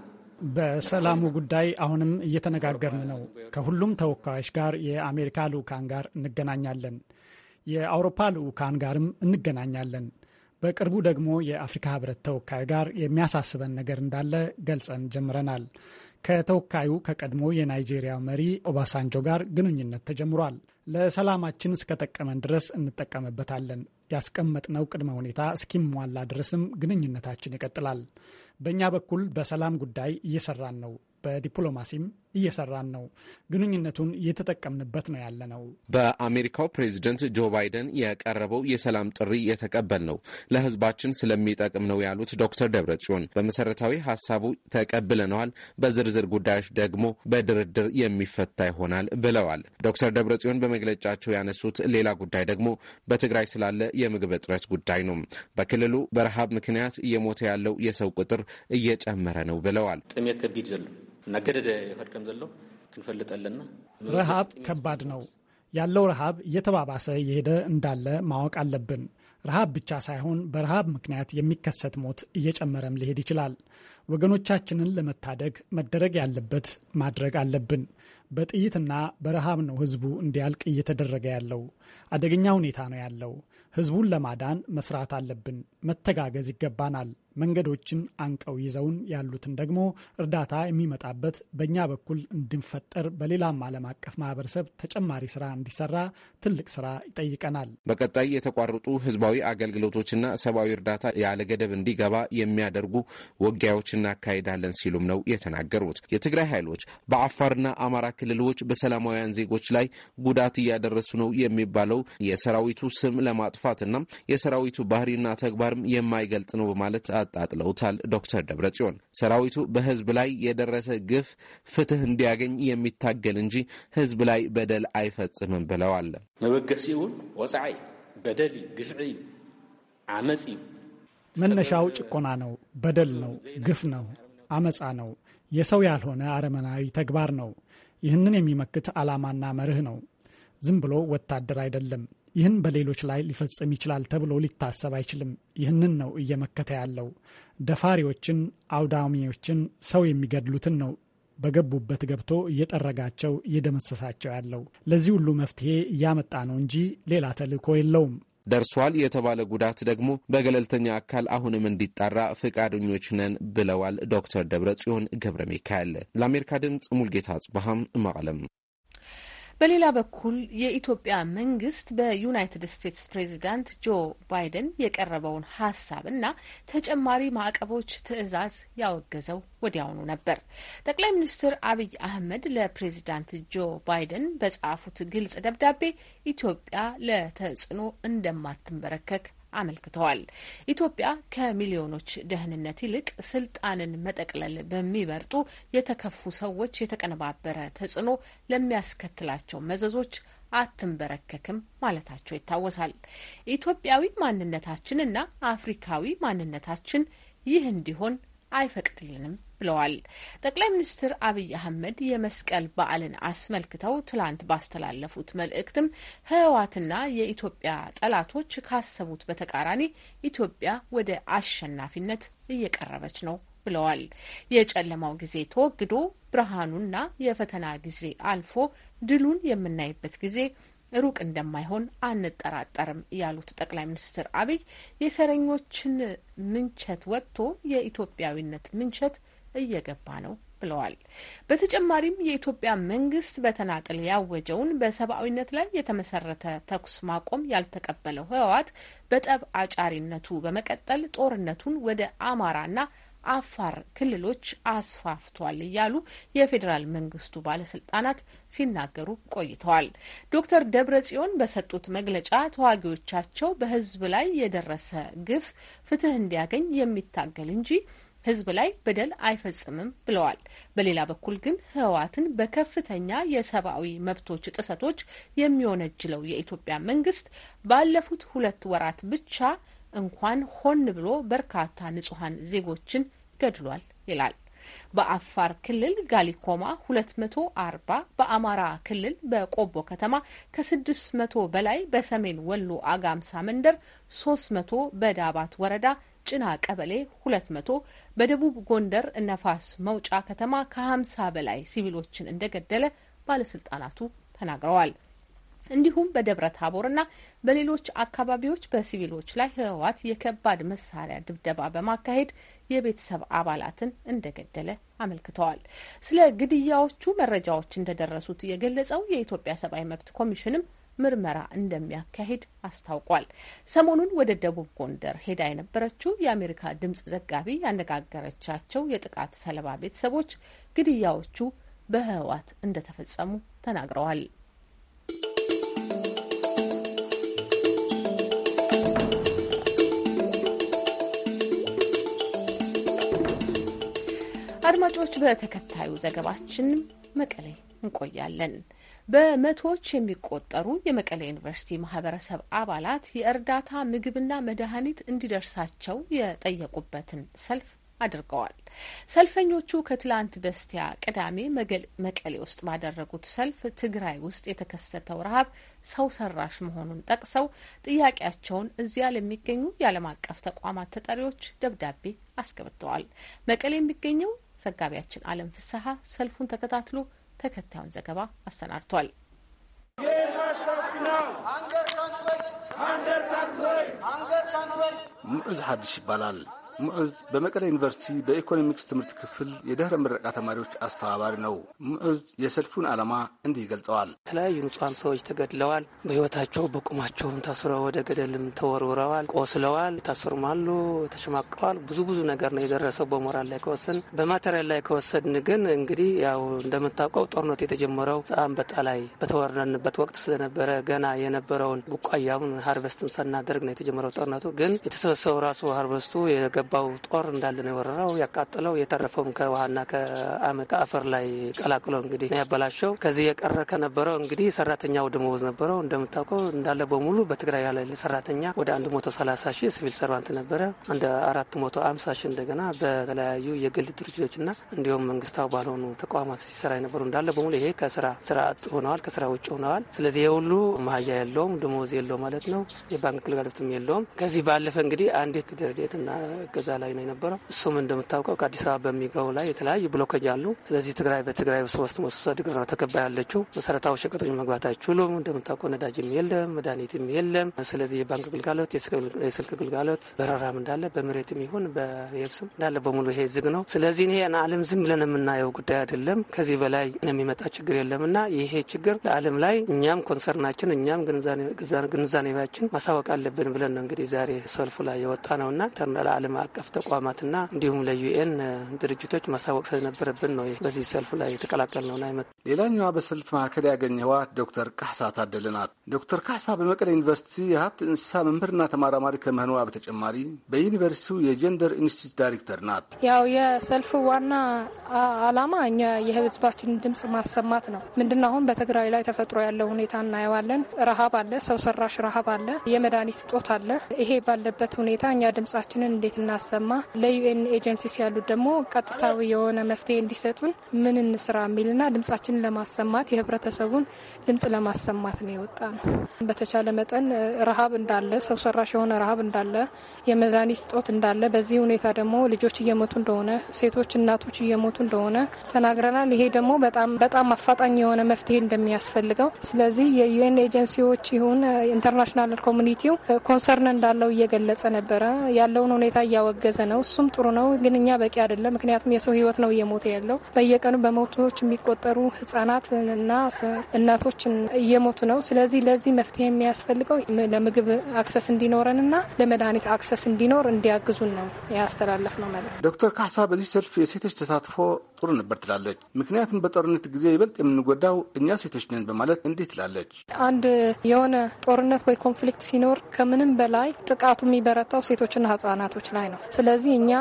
በሰላሙ ጉዳይ አሁንም እየተነጋገርን ነው። ከሁሉም ተወካዮች ጋር የአሜሪካ ልዑካን ጋር እንገናኛለን። የአውሮፓ ልዑካን ጋርም እንገናኛለን። በቅርቡ ደግሞ የአፍሪካ ህብረት ተወካይ ጋር የሚያሳስበን ነገር እንዳለ ገልጸን ጀምረናል። ከተወካዩ ከቀድሞ የናይጄሪያ መሪ ኦባሳንጆ ጋር ግንኙነት ተጀምሯል። ለሰላማችን እስከጠቀመን ድረስ እንጠቀምበታለን። ያስቀመጥነው ቅድመ ሁኔታ እስኪሟላ ድረስም ግንኙነታችን ይቀጥላል። በእኛ በኩል በሰላም ጉዳይ እየሰራን ነው። በዲፕሎማሲም እየሰራን ነው። ግንኙነቱን እየተጠቀምንበት ነው ያለ ነው። በአሜሪካው ፕሬዚደንት ጆ ባይደን የቀረበው የሰላም ጥሪ የተቀበል ነው ለህዝባችን ስለሚጠቅም ነው ያሉት ዶክተር ደብረ በመሰረታዊ ሀሳቡ ተቀብለነዋል፣ በዝርዝር ጉዳዮች ደግሞ በድርድር የሚፈታ ይሆናል ብለዋል። ዶክተር ደብረ በመግለጫቸው ያነሱት ሌላ ጉዳይ ደግሞ በትግራይ ስላለ የምግብ እጥረት ጉዳይ ነው። በክልሉ በረሃብ ምክንያት እየሞተ ያለው የሰው ቁጥር እየጨመረ ነው ብለዋል። ጥሜት ከቢድ ዘሎ ረሃብ ከባድ ነው። ያለው ረሃብ እየተባባሰ የሄደ እንዳለ ማወቅ አለብን። ረሃብ ብቻ ሳይሆን በረሃብ ምክንያት የሚከሰት ሞት እየጨመረም ሊሄድ ይችላል። ወገኖቻችንን ለመታደግ መደረግ ያለበት ማድረግ አለብን። በጥይትና በረሃብ ነው ህዝቡ እንዲያልቅ እየተደረገ ያለው። አደገኛ ሁኔታ ነው ያለው። ህዝቡን ለማዳን መስራት አለብን። መተጋገዝ ይገባናል። መንገዶችን አንቀው ይዘውን ያሉትን ደግሞ እርዳታ የሚመጣበት በእኛ በኩል እንድንፈጠር በሌላም ዓለም አቀፍ ማህበረሰብ ተጨማሪ ስራ እንዲሰራ ትልቅ ስራ ይጠይቀናል። በቀጣይ የተቋረጡ ህዝባዊ አገልግሎቶችና ሰብአዊ እርዳታ ያለ ገደብ እንዲገባ የሚያደርጉ ውጊያዎች እናካሄዳለን ሲሉም ነው የተናገሩት። የትግራይ ኃይሎች በአፋርና አማራ ክልሎች በሰላማውያን ዜጎች ላይ ጉዳት እያደረሱ ነው የሚባል የሚባለው የሰራዊቱ ስም ለማጥፋትና የሰራዊቱ ባህሪና ተግባርም የማይገልጽ ነው በማለት አጣጥለውታል። ዶክተር ደብረጽዮን ሰራዊቱ በህዝብ ላይ የደረሰ ግፍ ፍትህ እንዲያገኝ የሚታገል እንጂ ህዝብ ላይ በደል አይፈጽምም ብለዋል። መበገሲ እውን ወፃዒ በደል ግፍዒ ዓመፅ መነሻው ጭቆና ነው፣ በደል ነው፣ ግፍ ነው፣ አመፃ ነው፣ የሰው ያልሆነ አረመናዊ ተግባር ነው። ይህንን የሚመክት ዓላማና መርህ ነው። ዝም ብሎ ወታደር አይደለም። ይህን በሌሎች ላይ ሊፈጽም ይችላል ተብሎ ሊታሰብ አይችልም። ይህንን ነው እየመከተ ያለው። ደፋሪዎችን፣ አውዳሚዎችን፣ ሰው የሚገድሉትን ነው በገቡበት ገብቶ እየጠረጋቸው እየደመሰሳቸው ያለው። ለዚህ ሁሉ መፍትሄ እያመጣ ነው እንጂ ሌላ ተልዕኮ የለውም። ደርሷል የተባለ ጉዳት ደግሞ በገለልተኛ አካል አሁንም እንዲጣራ ፈቃደኞች ነን ብለዋል ዶክተር ደብረ ጽዮን ገብረ ሚካኤል። ለአሜሪካ ድምፅ ሙልጌታ አጽበሃም መቀለም በሌላ በኩል የኢትዮጵያ መንግስት በዩናይትድ ስቴትስ ፕሬዚዳንት ጆ ባይደን የቀረበውን ሀሳብ እና ተጨማሪ ማዕቀቦች ትዕዛዝ ያወገዘው ወዲያውኑ ነበር። ጠቅላይ ሚኒስትር አብይ አህመድ ለፕሬዚዳንት ጆ ባይደን በጻፉት ግልጽ ደብዳቤ ኢትዮጵያ ለተጽዕኖ እንደማትንበረከክ አመልክተዋል። ኢትዮጵያ ከሚሊዮኖች ደህንነት ይልቅ ስልጣንን መጠቅለል በሚመርጡ የተከፉ ሰዎች የተቀነባበረ ተጽዕኖ ለሚያስከትላቸው መዘዞች አትንበረከክም ማለታቸው ይታወሳል። ኢትዮጵያዊ ማንነታችንና አፍሪካዊ ማንነታችን ይህ እንዲሆን አይፈቅድልንም ብለዋል። ጠቅላይ ሚኒስትር አብይ አህመድ የመስቀል በዓልን አስመልክተው ትላንት ባስተላለፉት መልእክትም ህወሓትና የኢትዮጵያ ጠላቶች ካሰቡት በተቃራኒ ኢትዮጵያ ወደ አሸናፊነት እየቀረበች ነው ብለዋል። የጨለማው ጊዜ ተወግዶ ብርሃኑና የፈተና ጊዜ አልፎ ድሉን የምናይበት ጊዜ ሩቅ እንደማይሆን አንጠራጠርም ያሉት ጠቅላይ ሚኒስትር አብይ የሰረኞችን ምንቸት ወጥቶ የኢትዮጵያዊነት ምንቸት እየገባ ነው ብለዋል። በተጨማሪም የኢትዮጵያ መንግስት በተናጥል ያወጀውን በሰብአዊነት ላይ የተመሰረተ ተኩስ ማቆም ያልተቀበለው ህወሓት በጠብ አጫሪነቱ በመቀጠል ጦርነቱን ወደ አማራና አፋር ክልሎች አስፋፍቷል እያሉ የፌዴራል መንግስቱ ባለስልጣናት ሲናገሩ ቆይተዋል። ዶክተር ደብረ ጽዮን በሰጡት መግለጫ ተዋጊዎቻቸው በህዝብ ላይ የደረሰ ግፍ ፍትህ እንዲያገኝ የሚታገል እንጂ ህዝብ ላይ በደል አይፈጽምም ብለዋል። በሌላ በኩል ግን ህወሓትን በከፍተኛ የሰብአዊ መብቶች ጥሰቶች የሚወነጅለው የኢትዮጵያ መንግስት ባለፉት ሁለት ወራት ብቻ እንኳን ሆን ብሎ በርካታ ንጹሐን ዜጎችን ገድሏል ይላል። በአፋር ክልል ጋሊኮማ ሁለት መቶ አርባ በአማራ ክልል በቆቦ ከተማ ከስድስት መቶ በላይ በሰሜን ወሎ አጋምሳ መንደር ሶስት መቶ በዳባት ወረዳ ጭና ቀበሌ ሁለት መቶ በደቡብ ጎንደር ነፋስ መውጫ ከተማ ከሀምሳ በላይ ሲቪሎችን እንደገደለ ባለስልጣናቱ ተናግረዋል። እንዲሁም በደብረ ታቦርና በሌሎች አካባቢዎች በሲቪሎች ላይ ህወሓት የከባድ መሳሪያ ድብደባ በማካሄድ የቤተሰብ አባላትን እንደገደለ አመልክተዋል። ስለ ግድያዎቹ መረጃዎች እንደደረሱት የገለጸው የኢትዮጵያ ሰብአዊ መብት ኮሚሽንም ምርመራ እንደሚያካሂድ አስታውቋል። ሰሞኑን ወደ ደቡብ ጎንደር ሄዳ የነበረችው የአሜሪካ ድምጽ ዘጋቢ ያነጋገረቻቸው የጥቃት ሰለባ ቤተሰቦች ግድያዎቹ በህወሓት እንደተፈጸሙ ተናግረዋል። አድማጮች በተከታዩ ዘገባችን መቀሌ እንቆያለን። በመቶዎች የሚቆጠሩ የመቀሌ ዩኒቨርሲቲ ማህበረሰብ አባላት የእርዳታ ምግብና መድኃኒት እንዲደርሳቸው የጠየቁበትን ሰልፍ አድርገዋል። ሰልፈኞቹ ከትላንት በስቲያ ቅዳሜ መቀሌ ውስጥ ባደረጉት ሰልፍ ትግራይ ውስጥ የተከሰተው ረሃብ ሰው ሰራሽ መሆኑን ጠቅሰው ጥያቄያቸውን እዚያ ለሚገኙ የዓለም አቀፍ ተቋማት ተጠሪዎች ደብዳቤ አስገብተዋል። መቀሌ የሚገኘው ዘጋቢያችን አለም ፍስሀ ሰልፉን ተከታትሎ ተከታዩን ዘገባ አሰናድቷል። ሙዑዝ ሀዲሽ ይባላል። ሙዑዝ በመቀሌ ዩኒቨርሲቲ በኢኮኖሚክስ ትምህርት ክፍል የድህረ ምረቃ ተማሪዎች አስተባባሪ ነው። ሙዑዝ የሰልፉን ዓላማ እንዲህ ይገልጸዋል። የተለያዩ ንጹሐን ሰዎች ተገድለዋል። በህይወታቸው በቁማቸውም ታስረው ወደ ገደልም ተወርውረዋል፣ ቆስለዋል፣ ታስርማሉ፣ ተሸማቀዋል። ብዙ ብዙ ነገር ነው የደረሰው። በሞራል ላይ ከወሰን በማቴሪያል ላይ ከወሰድን ግን እንግዲህ ያው እንደምታውቀው ጦርነት የተጀመረው አንበጣ ላይ በተወረንበት ወቅት ስለነበረ ገና የነበረውን ቡቃያውን ሀርቨስትም ሳናደርግ ነው የተጀመረው ጦርነቱ። ግን የተሰበሰበው ራሱ ሀርቨስቱ የገባ የገባው ጦር እንዳለ ነው የወረረው ያቃጥለው። የተረፈውን ከውሃና ከአፈር ላይ ቀላቅሎ እንግዲህ ነው ያበላሸው። ከዚህ የቀረ ከነበረው እንግዲህ ሰራተኛው ደመወዝ ነበረው እንደምታውቀው እንዳለ በሙሉ በትግራይ ያለ ሰራተኛ ወደ 130 ሺህ ሲቪል ሰርቫንት ነበረ። እንደ 450 ሺህ እንደገና በተለያዩ የግል ድርጅቶችና እንዲሁም መንግስታዊ ባልሆኑ ተቋማት ሲሰራ የነበሩ እንዳለ በሙሉ ይሄ ከስራ ስራ አጥ ሆነዋል፣ ከስራ ውጭ ሆነዋል። ስለዚህ የሁሉ መሀያ የለውም፣ ደመወዝ የለው ማለት ነው። የባንክ ግልጋሎትም የለውም። ከዚህ ባለፈ እንግዲህ አንዲት ደረዴትና እገዛ ላይ ነው የነበረው። እሱም እንደምታውቀው ከአዲስ አበባ በሚገቡ ላይ የተለያዩ ብሎኬጅ አሉ። ስለዚህ ትግራይ በትግራይ ሶስት መሶሳ ድግር ነው ተከባ ያለችው። መሰረታዊ ሸቀጦች መግባት አይችሉም። እንደምታውቀው ነዳጅም የለም፣ መድኃኒትም የለም። ስለዚህ የባንክ ግልጋሎት፣ የስልክ ግልጋሎት በረራም እንዳለ በመሬትም ይሁን በየብስም እንዳለ በሙሉ ይሄ ዝግ ነው። ስለዚህ ይሄ ዓለም ዝም ብለን የምናየው ጉዳይ አይደለም። ከዚህ በላይ የሚመጣ ችግር እና ይሄ ችግር ለአለም ላይ እኛም ኮንሰርናችን እኛም ግንዛኔባችን ማሳወቅ አለብን ብለን ነው እንግዲህ ዛሬ ሰልፉ ላይ የወጣ እና ለአለም አቀፍ ተቋማትና እንዲሁም ለዩኤን ድርጅቶች ማሳወቅ ስለነበረብን ነው በዚህ ሰልፉ ላይ የተቀላቀል ነውና ይመ ሌላኛዋ በሰልፍ ማዕከል ያገኘዋ ዶክተር ካሕሳ ታደለ ናት። ዶክተር ካሕሳ በመቀሌ ዩኒቨርሲቲ የሀብት እንስሳ መምህርና ተማራማሪ ከመሆኗ በተጨማሪ በዩኒቨርሲቲው የጀንደር ኢንስቲትዩት ዳይሬክተር ናት። ያው የሰልፍ ዋና አላማ እኛ የህዝባችንን ድምጽ ማሰማት ነው። ምንድን አሁን በትግራይ ላይ ተፈጥሮ ያለው ሁኔታ እናየዋለን። ረሃብ አለ፣ ሰው ሰራሽ ረሃብ አለ፣ የመድኃኒት እጦት አለ። ይሄ ባለበት ሁኔታ እኛ ድምጻችንን እንዴት ብናሰማ ለዩኤን ኤጀንሲስ ያሉት ደግሞ ቀጥታዊ የሆነ መፍትሄ እንዲሰጡን ምን እንስራ የሚልና ድምጻችንን ለማሰማት የህብረተሰቡን ድምጽ ለማሰማት ነው የወጣ ነው። በተቻለ መጠን ረሃብ እንዳለ ሰው ሰራሽ የሆነ ረሃብ እንዳለ የመድኃኒት እጦት እንዳለ በዚህ ሁኔታ ደግሞ ልጆች እየሞቱ እንደሆነ ሴቶች፣ እናቶች እየሞቱ እንደሆነ ተናግረናል። ይሄ ደግሞ በጣም በጣም አፋጣኝ የሆነ መፍትሄ እንደሚያስፈልገው ስለዚህ የዩኤን ኤጀንሲዎች ይሁን ኢንተርናሽናል ኮሚኒቲው ኮንሰርን እንዳለው እየገለጸ ነበረ ያለውን ሁኔታ እያ እያወገዘ ነው። እሱም ጥሩ ነው፣ ግን እኛ በቂ አይደለም። ምክንያቱም የሰው ህይወት ነው እየሞተ ያለው። በየቀኑ በመቶዎች የሚቆጠሩ ህጻናት እና እናቶች እየሞቱ ነው። ስለዚህ ለዚህ መፍትሄ የሚያስፈልገው ለምግብ አክሰስ እንዲኖረን እና ለመድኃኒት አክሰስ እንዲኖር እንዲያግዙን ነው ያስተላለፍ ነው ማለት። ዶክተር ካሳ በዚህ ሰልፍ የሴቶች ተሳትፎ ጥሩ ነበር ትላለች። ምክንያቱም በጦርነት ጊዜ ይበልጥ የምንጎዳው እኛ ሴቶች ነን በማለት እንዲህ ትላለች። አንድ የሆነ ጦርነት ወይ ኮንፍሊክት ሲኖር ከምንም በላይ ጥቃቱ የሚበረታው ሴቶችና ህጻናቶች ላይ ነው። ስለዚህ እኛ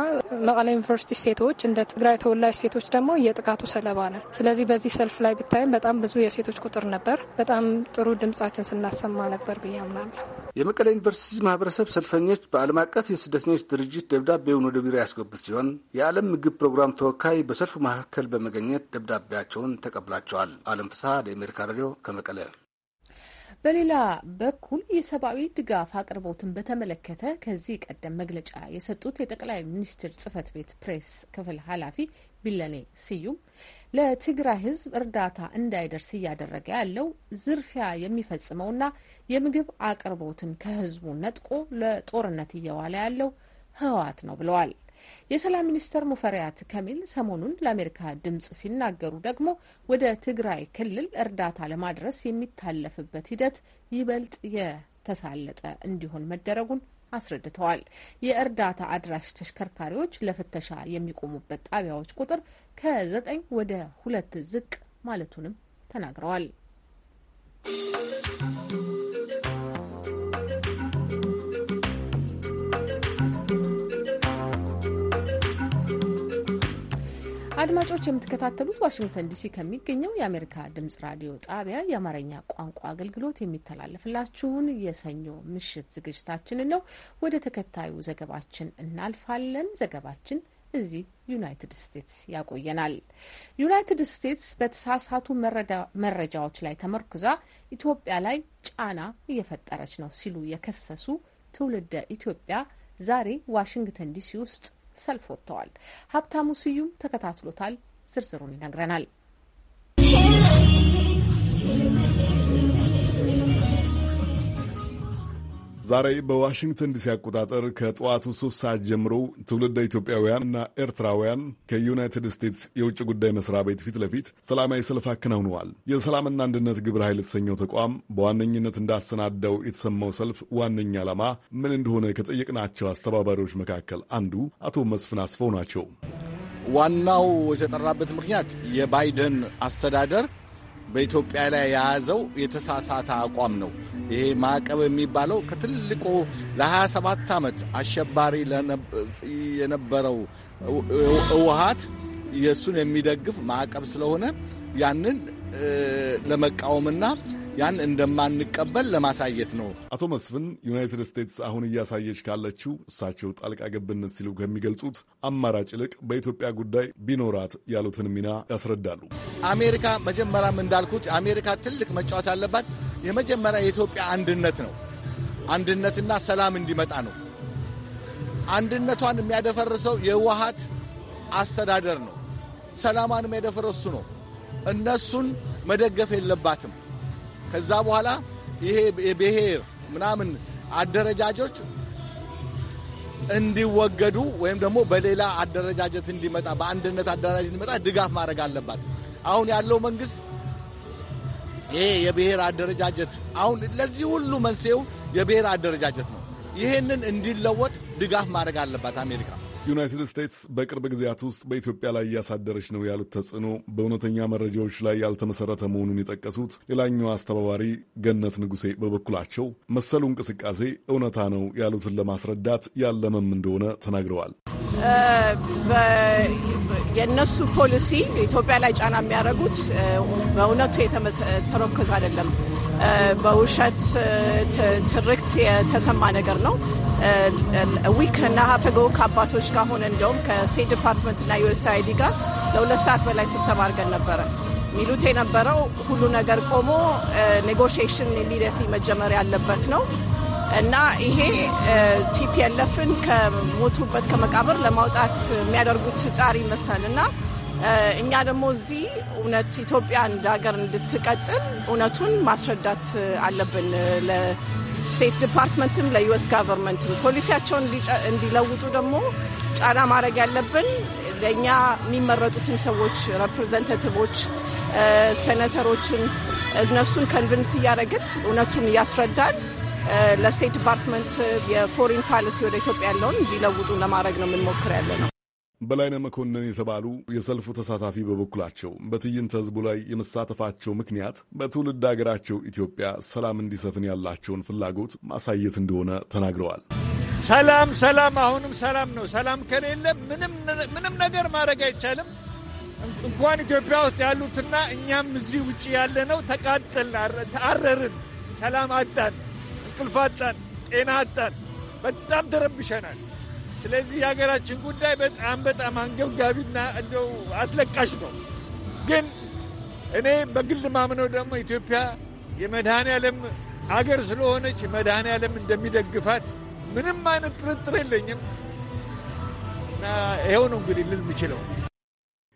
መቀለ ዩኒቨርሲቲ ሴቶች እንደ ትግራይ ተወላጅ ሴቶች ደግሞ የጥቃቱ ሰለባ ነን። ስለዚህ በዚህ ሰልፍ ላይ ብታይም በጣም ብዙ የሴቶች ቁጥር ነበር። በጣም ጥሩ ድምጻችን ስናሰማ ነበር ብዬ አምናለሁ። የመቀሌ ዩኒቨርሲቲ ማህበረሰብ ሰልፈኞች በዓለም አቀፍ የስደተኞች ድርጅት ደብዳቤውን ወደ ቢሮ ያስገቡት ሲሆን የዓለም ምግብ ፕሮግራም ተወካይ በሰልፉ መካከል በመገኘት ደብዳቤያቸውን ተቀብላቸዋል። አለም ፍስሀ ለአሜሪካ ሬዲዮ ከመቀለ። በሌላ በኩል የሰብአዊ ድጋፍ አቅርቦትን በተመለከተ ከዚህ ቀደም መግለጫ የሰጡት የጠቅላይ ሚኒስትር ጽህፈት ቤት ፕሬስ ክፍል ኃላፊ ቢለኔ ስዩም ለትግራይ ሕዝብ እርዳታ እንዳይደርስ እያደረገ ያለው ዝርፊያ የሚፈጽመውና የምግብ አቅርቦትን ከሕዝቡ ነጥቆ ለጦርነት እየዋለ ያለው ህወሓት ነው ብለዋል። የሰላም ሚኒስተር ሙፈሪያት ከሚል ሰሞኑን ለአሜሪካ ድምጽ ሲናገሩ ደግሞ ወደ ትግራይ ክልል እርዳታ ለማድረስ የሚታለፍበት ሂደት ይበልጥ የተሳለጠ እንዲሆን መደረጉን አስረድተዋል። የእርዳታ አድራሽ ተሽከርካሪዎች ለፍተሻ የሚቆሙበት ጣቢያዎች ቁጥር ከዘጠኝ ወደ ሁለት ዝቅ ማለቱንም ተናግረዋል። አድማጮች የምትከታተሉት ዋሽንግተን ዲሲ ከሚገኘው የአሜሪካ ድምጽ ራዲዮ ጣቢያ የአማርኛ ቋንቋ አገልግሎት የሚተላለፍላችሁን የሰኞ ምሽት ዝግጅታችንን ነው። ወደ ተከታዩ ዘገባችን እናልፋለን። ዘገባችን እዚህ ዩናይትድ ስቴትስ ያቆየናል። ዩናይትድ ስቴትስ በተሳሳቱ መረጃዎች ላይ ተመርኩዛ ኢትዮጵያ ላይ ጫና እየፈጠረች ነው ሲሉ የከሰሱ ትውልደ ኢትዮጵያ ዛሬ ዋሽንግተን ዲሲ ውስጥ ሰልፍ ወጥተዋል። ሀብታሙ ስዩም ተከታትሎታል፣ ዝርዝሩን ይነግረናል። ዛሬ በዋሽንግተን ዲሲ አቆጣጠር ከጠዋቱ ሶስት ሰዓት ጀምሮ ትውልደ ኢትዮጵያውያን እና ኤርትራውያን ከዩናይትድ ስቴትስ የውጭ ጉዳይ መስሪያ ቤት ፊት ለፊት ሰላማዊ ሰልፍ አከናውነዋል። የሰላምና አንድነት ግብረ ኃይል የተሰኘው ተቋም በዋነኝነት እንዳሰናዳው የተሰማው ሰልፍ ዋነኛ ዓላማ ምን እንደሆነ ከጠየቅናቸው አስተባባሪዎች መካከል አንዱ አቶ መስፍን አስፈው ናቸው። ዋናው የተጠራበት ምክንያት የባይደን አስተዳደር በኢትዮጵያ ላይ የያዘው የተሳሳተ አቋም ነው። ይሄ ማዕቀብ የሚባለው ከትልቁ ለ27 ዓመት አሸባሪ የነበረው እውሃት የእሱን የሚደግፍ ማዕቀብ ስለሆነ ያንን ለመቃወምና ያን እንደማንቀበል ለማሳየት ነው። አቶ መስፍን ዩናይትድ ስቴትስ አሁን እያሳየች ካለችው እሳቸው ጣልቃ ገብነት ሲሉ ከሚገልጹት አማራጭ ይልቅ በኢትዮጵያ ጉዳይ ቢኖራት ያሉትን ሚና ያስረዳሉ። አሜሪካ መጀመሪያም እንዳልኩት አሜሪካ ትልቅ መጫወት ያለባት የመጀመሪያ የኢትዮጵያ አንድነት ነው። አንድነትና ሰላም እንዲመጣ ነው። አንድነቷን የሚያደፈርሰው የህወሀት አስተዳደር ነው። ሰላሟን የሚያደፈረሱ ነው። እነሱን መደገፍ የለባትም። ከዛ በኋላ ይሄ የብሔር ምናምን አደረጃጆች እንዲወገዱ ወይም ደግሞ በሌላ አደረጃጀት እንዲመጣ በአንድነት አደረጃጀት እንዲመጣ ድጋፍ ማድረግ አለባት። አሁን ያለው መንግስት ይሄ የብሔር አደረጃጀት አሁን ለዚህ ሁሉ መንስኤው የብሔር አደረጃጀት ነው። ይህንን እንዲለወጥ ድጋፍ ማድረግ አለባት አሜሪካ። ዩናይትድ ስቴትስ በቅርብ ጊዜያት ውስጥ በኢትዮጵያ ላይ እያሳደረች ነው ያሉት ተጽዕኖ በእውነተኛ መረጃዎች ላይ ያልተመሰረተ መሆኑን የጠቀሱት ሌላኛው አስተባባሪ ገነት ንጉሴ በበኩላቸው መሰሉ እንቅስቃሴ እውነታ ነው ያሉትን ለማስረዳት ያለመም እንደሆነ ተናግረዋል። የእነሱ ፖሊሲ ኢትዮጵያ ላይ ጫና የሚያደርጉት በእውነቱ የተመረኮዘ አይደለም። በውሸት ትርክት የተሰማ ነገር ነው። ዊክ እና ሀፈገው ከአባቶች ጋር ሆነ እንዲያውም ከስቴት ዲፓርትመንት እና ዩኤስአይዲ ጋር ለሁለት ሰዓት በላይ ስብሰባ አድርገን ነበረ። ሚሉት የነበረው ሁሉ ነገር ቆሞ ኔጎሽሽን ኢሚዲየትሊ መጀመር ያለበት ነው እና ይሄ ቲፒኤልኤፍን ከሞቱበት ከመቃብር ለማውጣት የሚያደርጉት ጣር ይመስላል እና እኛ ደግሞ እዚህ እውነት ኢትዮጵያ እንደ ሀገር እንድትቀጥል እውነቱን ማስረዳት አለብን። ለስቴት ዲፓርትመንትም ለዩኤስ ጋቨርንመንትም ፖሊሲያቸውን እንዲለውጡ ደግሞ ጫና ማድረግ ያለብን ለእኛ የሚመረጡትን ሰዎች ሬፕሬዘንታቲቮች፣ ሴኔተሮችን እነሱን ከንቪንስ እያደረግን እውነቱን እያስረዳን ለስቴት ዲፓርትመንት የፎሪን ፓሊሲ ወደ ኢትዮጵያ ያለውን እንዲለውጡ ለማድረግ ነው የምንሞክር ያለ ነው። በላይነ መኮንን የተባሉ የሰልፉ ተሳታፊ በበኩላቸው በትዕይንተ ህዝቡ ላይ የመሳተፋቸው ምክንያት በትውልድ ሀገራቸው ኢትዮጵያ ሰላም እንዲሰፍን ያላቸውን ፍላጎት ማሳየት እንደሆነ ተናግረዋል። ሰላም ሰላም፣ አሁንም ሰላም ነው። ሰላም ከሌለ ምንም ነገር ማድረግ አይቻልም። እንኳን ኢትዮጵያ ውስጥ ያሉትና እኛም እዚህ ውጭ ያለ ነው ተቃጠልን፣ ሰላም አጣን፣ እንቅልፍ አጣን፣ ጤና አጣን። በጣም ተረብሸናል። ስለዚህ የሀገራችን ጉዳይ በጣም በጣም አንገብጋቢና እንደው አስለቃሽ ነው። ግን እኔ በግል ማምነው ደግሞ ኢትዮጵያ የመድኃኔ ዓለም አገር ስለሆነች መድኃኔ ዓለም እንደሚደግፋት ምንም አይነት ጥርጥር የለኝም እና ይኸው ነው እንግዲህ ልል የምችለው።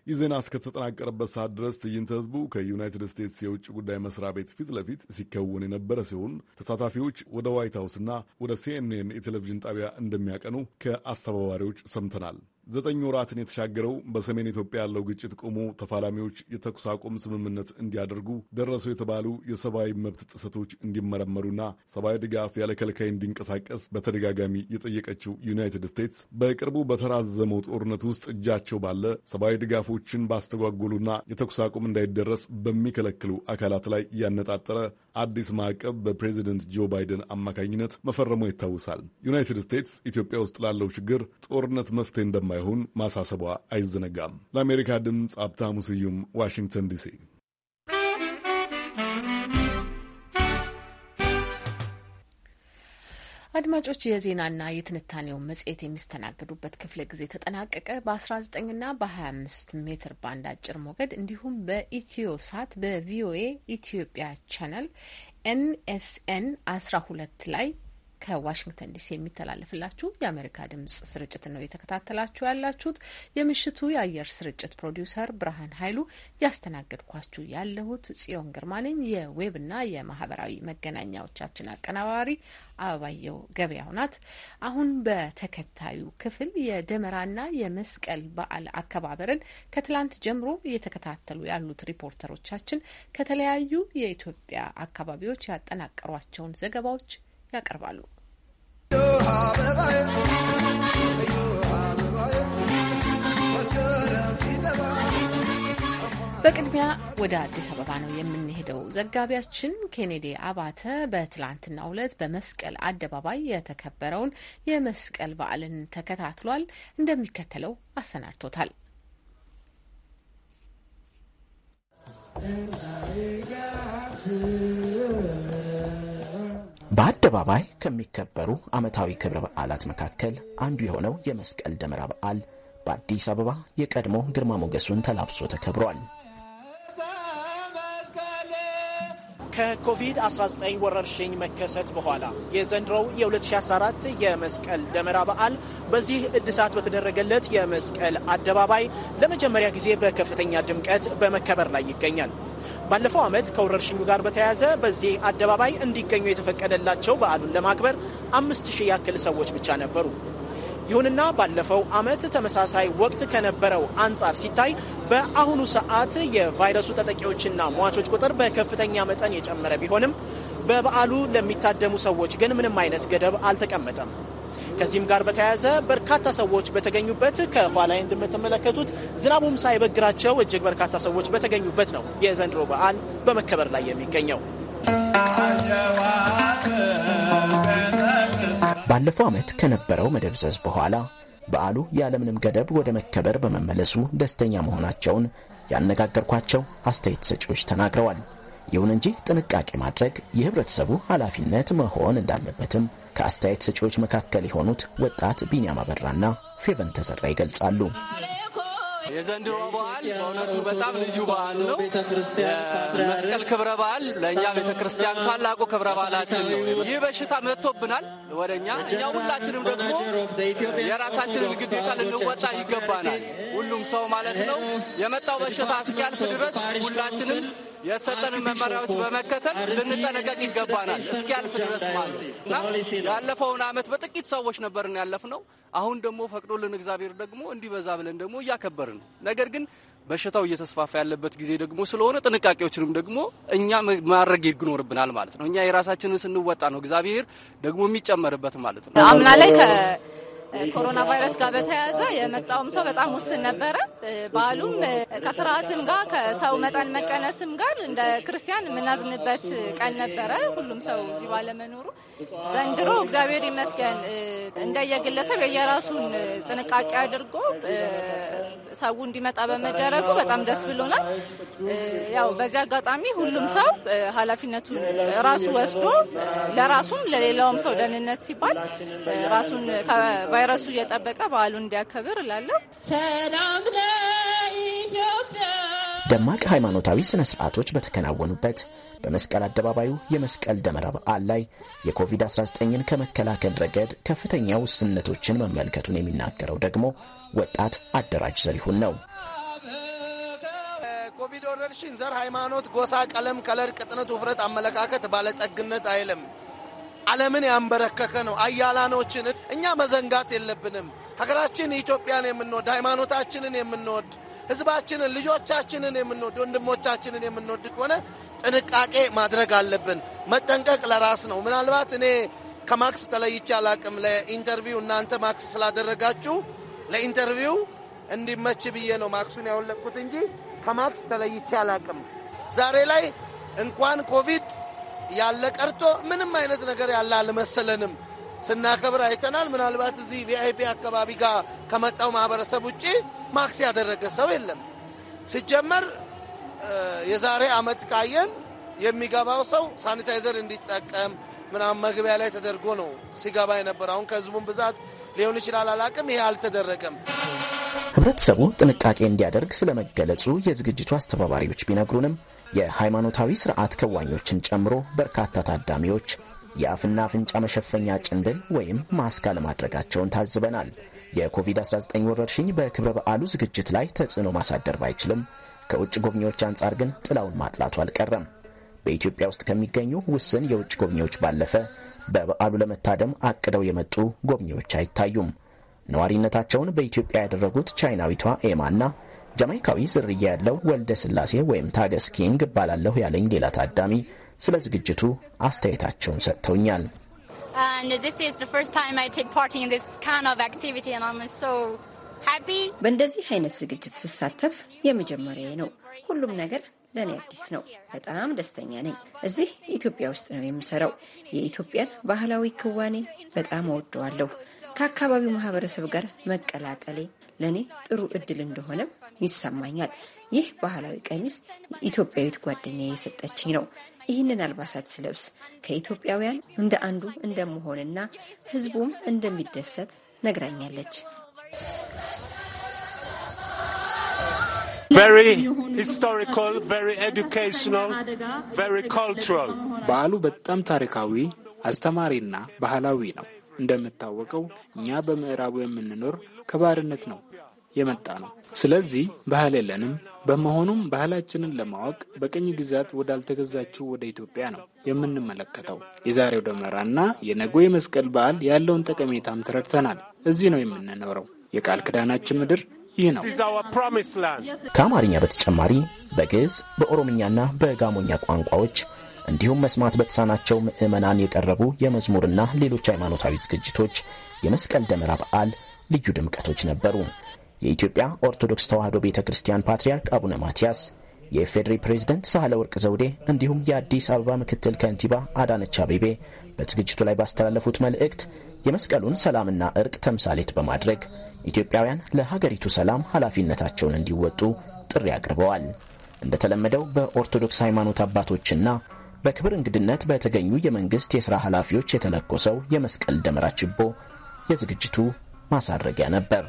ይህ ዜና እስከተጠናቀረበት ሰዓት ድረስ ትዕይንተ ህዝቡ ከዩናይትድ ስቴትስ የውጭ ጉዳይ መስሪያ ቤት ፊት ለፊት ሲከወን የነበረ ሲሆን ተሳታፊዎች ወደ ዋይት ሀውስና ወደ ሲኤንኤን የቴሌቪዥን ጣቢያ እንደሚያቀኑ ከአስተባባሪዎች ሰምተናል። ዘጠኝ ወራትን የተሻገረው በሰሜን ኢትዮጵያ ያለው ግጭት ቆሞ ተፋላሚዎች የተኩስ አቁም ስምምነት እንዲያደርጉ ደረሱ የተባሉ የሰብአዊ መብት ጥሰቶች እንዲመረመሩና ሰብአዊ ድጋፍ ያለ ከልካይ እንዲንቀሳቀስ በተደጋጋሚ የጠየቀችው ዩናይትድ ስቴትስ በቅርቡ በተራዘመው ጦርነት ውስጥ እጃቸው ባለ ሰብአዊ ድጋፎችን ባስተጓጎሉና የተኩስ አቁም እንዳይደረስ በሚከለክሉ አካላት ላይ ያነጣጠረ አዲስ ማዕቀብ በፕሬዚደንት ጆ ባይደን አማካኝነት መፈረሙ ይታወሳል። ዩናይትድ ስቴትስ ኢትዮጵያ ውስጥ ላለው ችግር ጦርነት መፍትሄ እንደማይሆን ማሳሰቧ አይዘነጋም። ለአሜሪካ ድምፅ ሀብታሙ ስዩም ዋሽንግተን ዲሲ አድማጮች የዜናና የትንታኔው መጽሔት የሚስተናገዱበት ክፍለ ጊዜ ተጠናቀቀ። በ19 ና በ25 ሜትር ባንድ አጭር ሞገድ እንዲሁም በኢትዮ ሳት በቪኦኤ ኢትዮጵያ ቻናል ኤንኤስኤን 12 ላይ ከዋሽንግተን ዲሲ የሚተላለፍላችሁ የአሜሪካ ድምጽ ስርጭት ነው የተከታተላችሁ ያላችሁት። የምሽቱ የአየር ስርጭት ፕሮዲውሰር ብርሃን ኃይሉ፣ ያስተናገድኳችሁ ያለሁት ጽዮን ግርማ ነኝ። የዌብና የማህበራዊ መገናኛዎቻችን አቀናባሪ አበባየው ገበያው ናት። አሁን በተከታዩ ክፍል የደመራና የመስቀል በዓል አከባበርን ከትላንት ጀምሮ እየተከታተሉ ያሉት ሪፖርተሮቻችን ከተለያዩ የኢትዮጵያ አካባቢዎች ያጠናቀሯቸውን ዘገባዎች ያቀርባሉ። በቅድሚያ ወደ አዲስ አበባ ነው የምንሄደው። ዘጋቢያችን ኬኔዲ አባተ በትላንትናው ዕለት በመስቀል አደባባይ የተከበረውን የመስቀል በዓልን ተከታትሏል። እንደሚከተለው አሰናድቶታል። በአደባባይ ከሚከበሩ ዓመታዊ ክብረ በዓላት መካከል አንዱ የሆነው የመስቀል ደመራ በዓል በአዲስ አበባ የቀድሞ ግርማ ሞገሱን ተላብሶ ተከብሯል። ከኮቪድ-19 ወረርሽኝ መከሰት በኋላ የዘንድሮው የ2014 የመስቀል ደመራ በዓል በዚህ እድሳት በተደረገለት የመስቀል አደባባይ ለመጀመሪያ ጊዜ በከፍተኛ ድምቀት በመከበር ላይ ይገኛል። ባለፈው ዓመት ከወረርሽኙ ጋር በተያያዘ በዚህ አደባባይ እንዲገኙ የተፈቀደላቸው በዓሉን ለማክበር አምስት ሺህ ያክል ሰዎች ብቻ ነበሩ። ይሁንና ባለፈው ዓመት ተመሳሳይ ወቅት ከነበረው አንጻር ሲታይ በአሁኑ ሰዓት የቫይረሱ ተጠቂዎችና ሟቾች ቁጥር በከፍተኛ መጠን የጨመረ ቢሆንም በበዓሉ ለሚታደሙ ሰዎች ግን ምንም አይነት ገደብ አልተቀመጠም። ከዚህም ጋር በተያያዘ በርካታ ሰዎች በተገኙበት ከኋላ እንደምትመለከቱት ዝናቡም ሳይበግራቸው እጅግ በርካታ ሰዎች በተገኙበት ነው የዘንድሮ በዓል በመከበር ላይ የሚገኘው። ባለፈው ዓመት ከነበረው መደብዘዝ በኋላ በዓሉ ያለምንም ገደብ ወደ መከበር በመመለሱ ደስተኛ መሆናቸውን ያነጋገርኳቸው አስተያየት ሰጪዎች ተናግረዋል። ይሁን እንጂ ጥንቃቄ ማድረግ የህብረተሰቡ ኃላፊነት መሆን እንዳለበትም ከአስተያየት ሰጪዎች መካከል የሆኑት ወጣት ቢንያም አበራና ፌቨን ተዘራ ይገልጻሉ። የዘንድሮ በዓል በእውነቱ በጣም ልዩ በዓል ነው። የመስቀል ክብረ በዓል ለእኛ ቤተ ክርስቲያን ታላቁ ክብረ በዓላችን ነው። ይህ በሽታ መጥቶብናል ወደ እኛ እኛ ሁላችንም ደግሞ የራሳችንን ግዴታ ልንወጣ ይገባናል። ሁሉም ሰው ማለት ነው የመጣው በሽታ እስኪያልፍ ድረስ ሁላችንም የሰጠንን መመሪያዎች በመከተል ልንጠነቀቅ ይገባናል። እስኪያልፍ ድረስ ማለት ያለፈውን ዓመት በጥቂት ሰዎች ነበርን ነው። አሁን ደግሞ ፈቅዶልን እግዚአብሔር ደግሞ እንዲበዛ ብለን ደግሞ እያከበርን ነገር ግን በሽታው እየተስፋፋ ያለበት ጊዜ ደግሞ ስለሆነ ጥንቃቄዎችንም ደግሞ እኛ ማድረግ ይኖርብናል ማለት ነው። እኛ የራሳችንን ስንወጣ ነው እግዚአብሔር ደግሞ የሚጨመርበት ማለት ነው። አምና ላይ ኮሮና ቫይረስ ጋር በተያያዘ የመጣውም ሰው በጣም ውስን ነበረ። በዓሉም ከፍርሃትም ጋር ከሰው መጠን መቀነስም ጋር እንደ ክርስቲያን የምናዝንበት ቀን ነበረ። ሁሉም ሰው እዚህ ባለመኖሩ ዘንድሮ እግዚአብሔር ይመስገን እንደየግለሰብ የየራሱን ጥንቃቄ አድርጎ ሰው እንዲመጣ በመደረጉ በጣም ደስ ብሎናል። ያው በዚህ አጋጣሚ ሁሉም ሰው ኃላፊነቱን ራሱ ወስዶ ለራሱም ለሌላውም ሰው ደህንነት ሲባል ራሱን ቫይረሱ እየጠበቀ በዓሉን እንዲያከብር እላለሁ። ሰላም ለኢትዮጵያ። ደማቅ ሃይማኖታዊ ሥነ ሥርዓቶች በተከናወኑበት በመስቀል አደባባዩ የመስቀል ደመራ በዓል ላይ የኮቪድ-19ን ከመከላከል ረገድ ከፍተኛ ውስንነቶችን መመልከቱን የሚናገረው ደግሞ ወጣት አደራጅ ዘሪሁን ነው። ኮቪድ ወረርሽኝ ዘር፣ ሃይማኖት፣ ጎሳ፣ ቀለም፣ ከለር፣ ቅጥነት፣ ውፍረት፣ አመለካከት ባለጠግነት አይልም። ዓለምን ያንበረከከ ነው። አያላኖችን እኛ መዘንጋት የለብንም። ሀገራችን ኢትዮጵያን የምንወድ ሃይማኖታችንን የምንወድ ህዝባችንን፣ ልጆቻችንን የምንወድ ወንድሞቻችንን የምንወድ ከሆነ ጥንቃቄ ማድረግ አለብን። መጠንቀቅ ለራስ ነው። ምናልባት እኔ ከማክስ ተለይቼ አላቅም። ለኢንተርቪው እናንተ ማክስ ስላደረጋችሁ ለኢንተርቪው እንዲመች ብዬ ነው ማክሱን ያወለቅኩት እንጂ ከማክስ ተለይቼ አላቅም። ዛሬ ላይ እንኳን ኮቪድ ያለ ቀርቶ ምንም አይነት ነገር ያለ አልመሰለንም። ስናከብር አይተናል። ምናልባት እዚህ ቪአይፒ አካባቢ ጋር ከመጣው ማህበረሰብ ውጭ ማክስ ያደረገ ሰው የለም። ሲጀመር የዛሬ አመት ካየን የሚገባው ሰው ሳኒታይዘር እንዲጠቀም ምናምን መግቢያ ላይ ተደርጎ ነው ሲገባ የነበር። አሁን ከህዝቡን ብዛት ሊሆን ይችላል አላቅም። ይሄ አልተደረገም። ህብረተሰቡ ጥንቃቄ እንዲያደርግ ስለመገለጹ የዝግጅቱ አስተባባሪዎች ቢነግሩንም የሃይማኖታዊ ስርዓት ከዋኞችን ጨምሮ በርካታ ታዳሚዎች የአፍና አፍንጫ መሸፈኛ ጭንብል ወይም ማስክ አለማድረጋቸውን ታዝበናል። የኮቪድ-19 ወረርሽኝ በክብረ በዓሉ ዝግጅት ላይ ተጽዕኖ ማሳደር ባይችልም ከውጭ ጎብኚዎች አንጻር ግን ጥላውን ማጥላቱ አልቀረም። በኢትዮጵያ ውስጥ ከሚገኙ ውስን የውጭ ጎብኚዎች ባለፈ በበዓሉ ለመታደም አቅደው የመጡ ጎብኚዎች አይታዩም። ነዋሪነታቸውን በኢትዮጵያ ያደረጉት ቻይናዊቷ ኤማና ጃማይካዊ ዝርያ ያለው ወልደ ስላሴ ወይም ታገስ ኪንግ እባላለሁ ያለኝ ሌላ ታዳሚ ስለ ዝግጅቱ አስተያየታቸውን ሰጥተውኛል። በእንደዚህ አይነት ዝግጅት ስሳተፍ የመጀመሪያ ነው። ሁሉም ነገር ለእኔ አዲስ ነው። በጣም ደስተኛ ነኝ። እዚህ ኢትዮጵያ ውስጥ ነው የምሰራው። የኢትዮጵያን ባህላዊ ክዋኔ በጣም እወደዋለሁ። ከአካባቢው ማህበረሰብ ጋር መቀላቀሌ ለእኔ ጥሩ እድል እንደሆነም ይሰማኛል። ይህ ባህላዊ ቀሚስ ኢትዮጵያዊት ጓደኛ የሰጠችኝ ነው። ይህንን አልባሳት ስለብስ ከኢትዮጵያውያን እንደ አንዱ እንደመሆንና ሕዝቡም እንደሚደሰት ነግራኛለች። በዓሉ በጣም ታሪካዊ፣ አስተማሪና ባህላዊ ነው። እንደምታወቀው እኛ በምዕራቡ የምንኖር ከባርነት ነው የመጣ ነው። ስለዚህ ባህል የለንም። በመሆኑም ባህላችንን ለማወቅ በቅኝ ግዛት ወዳልተገዛችው ወደ ኢትዮጵያ ነው የምንመለከተው። የዛሬው ደመራና የነጎ የመስቀል በዓል ያለውን ጠቀሜታም ተረድተናል። እዚህ ነው የምንኖረው። የቃል ክዳናችን ምድር ይህ ነው። ከአማርኛ በተጨማሪ በግዕዝ በኦሮምኛና በጋሞኛ ቋንቋዎች እንዲሁም መስማት በተሳናቸው ምዕመናን የቀረቡ የመዝሙርና ሌሎች ሃይማኖታዊ ዝግጅቶች የመስቀል ደመራ በዓል ልዩ ድምቀቶች ነበሩ። የኢትዮጵያ ኦርቶዶክስ ተዋሕዶ ቤተ ክርስቲያን ፓትርያርክ አቡነ ማትያስ የኢፌዴሪ ፕሬዝደንት ሳህለ ወርቅ ዘውዴ እንዲሁም የአዲስ አበባ ምክትል ከንቲባ አዳነች አቤቤ በዝግጅቱ ላይ ባስተላለፉት መልእክት የመስቀሉን ሰላምና እርቅ ተምሳሌት በማድረግ ኢትዮጵያውያን ለሀገሪቱ ሰላም ኃላፊነታቸውን እንዲወጡ ጥሪ አቅርበዋል። እንደተለመደው በኦርቶዶክስ ሃይማኖት አባቶችና በክብር እንግድነት በተገኙ የመንግሥት የሥራ ኃላፊዎች የተለኮሰው የመስቀል ደመራ ችቦ የዝግጅቱ ማሳረጊያ ነበር።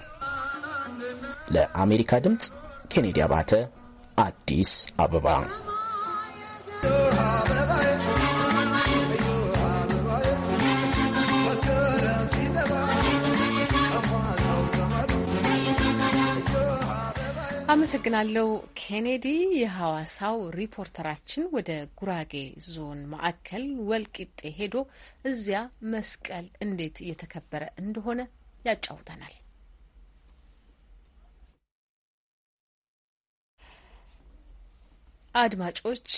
ለአሜሪካ ድምፅ ኬኔዲ አባተ አዲስ አበባ። አመሰግናለሁ ኬኔዲ። የሐዋሳው ሪፖርተራችን ወደ ጉራጌ ዞን ማዕከል ወልቂጤ ሄዶ እዚያ መስቀል እንዴት እየተከበረ እንደሆነ ያጫውተናል። አድማጮች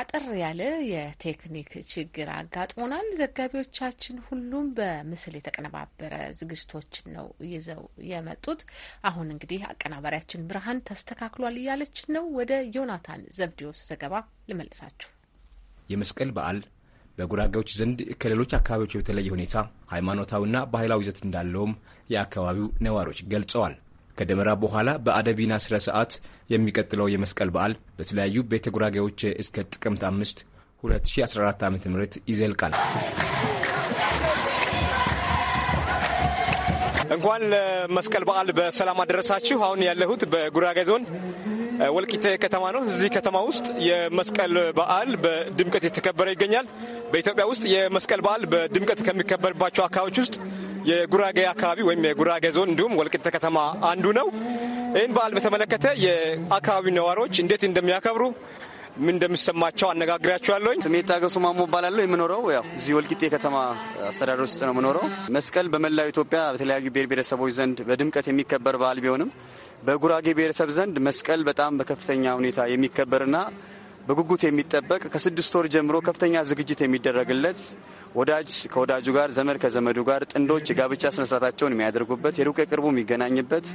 አጠር ያለ የቴክኒክ ችግር አጋጥሞናል። ዘጋቢዎቻችን ሁሉም በምስል የተቀነባበረ ዝግጅቶችን ነው ይዘው የመጡት። አሁን እንግዲህ አቀናባሪያችን ብርሃን ተስተካክሏል እያለችን ነው። ወደ ዮናታን ዘብዲዎስ ዘገባ ልመልሳችሁ። የመስቀል በዓል በጉራጌዎች ዘንድ ከሌሎች አካባቢዎች በተለየ ሁኔታ ሃይማኖታዊና ባህላዊ ይዘት እንዳለውም የአካባቢው ነዋሪዎች ገልጸዋል። ከደመራ በኋላ በአደቢና ስነ ስርዓት የሚቀጥለው የመስቀል በዓል በተለያዩ ቤተ ጉራጌዎች እስከ ጥቅምት 5 2014 ዓ ም ይዘልቃል። እንኳን ለመስቀል በዓል በሰላም አደረሳችሁ። አሁን ያለሁት በጉራጌ ዞን ወልቂቴ ከተማ ነው። እዚህ ከተማ ውስጥ የመስቀል በዓል በድምቀት የተከበረ ይገኛል። በኢትዮጵያ ውስጥ የመስቀል በዓል በድምቀት ከሚከበርባቸው አካባቢዎች ውስጥ የጉራጌ አካባቢ ወይም የጉራጌ ዞን እንዲሁም ወልቂጤ ከተማ አንዱ ነው። ይህን በዓል በተመለከተ የአካባቢ ነዋሪዎች እንዴት እንደሚያከብሩ ምን እንደሚሰማቸው አነጋግሪያቸዋለሁኝ። ስሜ ታገሱ ማሞ እባላለሁ። የምኖረው ያው እዚህ ወልቂጤ ከተማ አስተዳደር ውስጥ ነው የምኖረው። መስቀል በመላው ኢትዮጵያ በተለያዩ ብሔር ብሔረሰቦች ዘንድ በድምቀት የሚከበር በዓል ቢሆንም በጉራጌ ብሔረሰብ ዘንድ መስቀል በጣም በከፍተኛ ሁኔታ የሚከበርና በጉጉት የሚጠበቅ ከስድስት ወር ጀምሮ ከፍተኛ ዝግጅት የሚደረግለት ወዳጅ ከወዳጁ ጋር፣ ዘመድ ከዘመዱ ጋር ጥንዶች የጋብቻ ስነስርዓታቸውን የሚያደርጉበት የሩቅ የቅርቡ የሚገናኝበት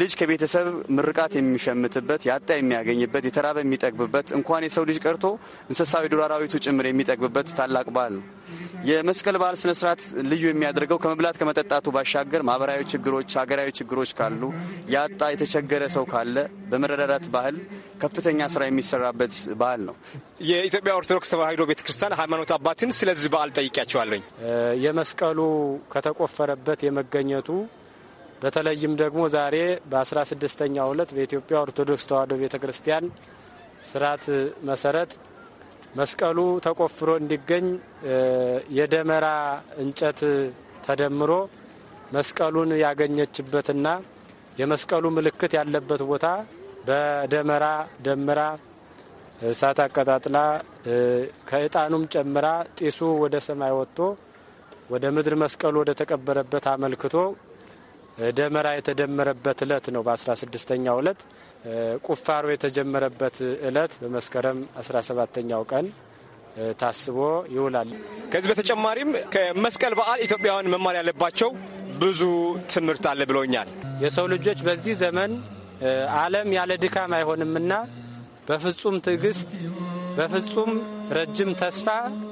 ልጅ ከቤተሰብ ምርቃት የሚሸምትበት ያጣ የሚያገኝበት የተራበ የሚጠግብበት እንኳን የሰው ልጅ ቀርቶ እንስሳዊ ዱር አራዊቱ ጭምር የሚጠግብበት ታላቅ በዓል ነው። የመስቀል በዓል ስነ ስርዓት ልዩ የሚያደርገው ከመብላት ከመጠጣቱ ባሻገር ማህበራዊ ችግሮች፣ ሀገራዊ ችግሮች ካሉ ያጣ የተቸገረ ሰው ካለ በመረዳዳት ባህል ከፍተኛ ስራ የሚሰራበት ባህል ነው። የኢትዮጵያ ኦርቶዶክስ ተዋሕዶ ቤተክርስቲያን ሃይማኖት አባትን ስለዚህ በዓል ጠይቄያቸዋለኝ። የመስቀሉ ከተቆፈረበት የመገኘቱ በተለይም ደግሞ ዛሬ በ16ኛው ዕለት በኢትዮጵያ ኦርቶዶክስ ተዋሕዶ ቤተክርስቲያን ስርዓት መሰረት መስቀሉ ተቆፍሮ እንዲገኝ የደመራ እንጨት ተደምሮ መስቀሉን ያገኘችበትና የመስቀሉ ምልክት ያለበት ቦታ በደመራ ደምራ እሳት አቀጣጥላ ከእጣኑም ጨምራ ጢሱ ወደ ሰማይ ወጥቶ ወደ ምድር መስቀሉ ወደ ተቀበረበት አመልክቶ ደመራ የተደመረበት እለት ነው። በአስራ ስድስተኛው እለት ቁፋሮ የተጀመረበት ዕለት በመስከረም 17ኛው ቀን ታስቦ ይውላል። ከዚህ በተጨማሪም ከመስቀል በዓል ኢትዮጵያውያን መማር ያለባቸው ብዙ ትምህርት አለ ብሎኛል። የሰው ልጆች በዚህ ዘመን ዓለም ያለ ድካም አይሆንምና በፍጹም ትዕግስት፣ በፍጹም ረጅም ተስፋ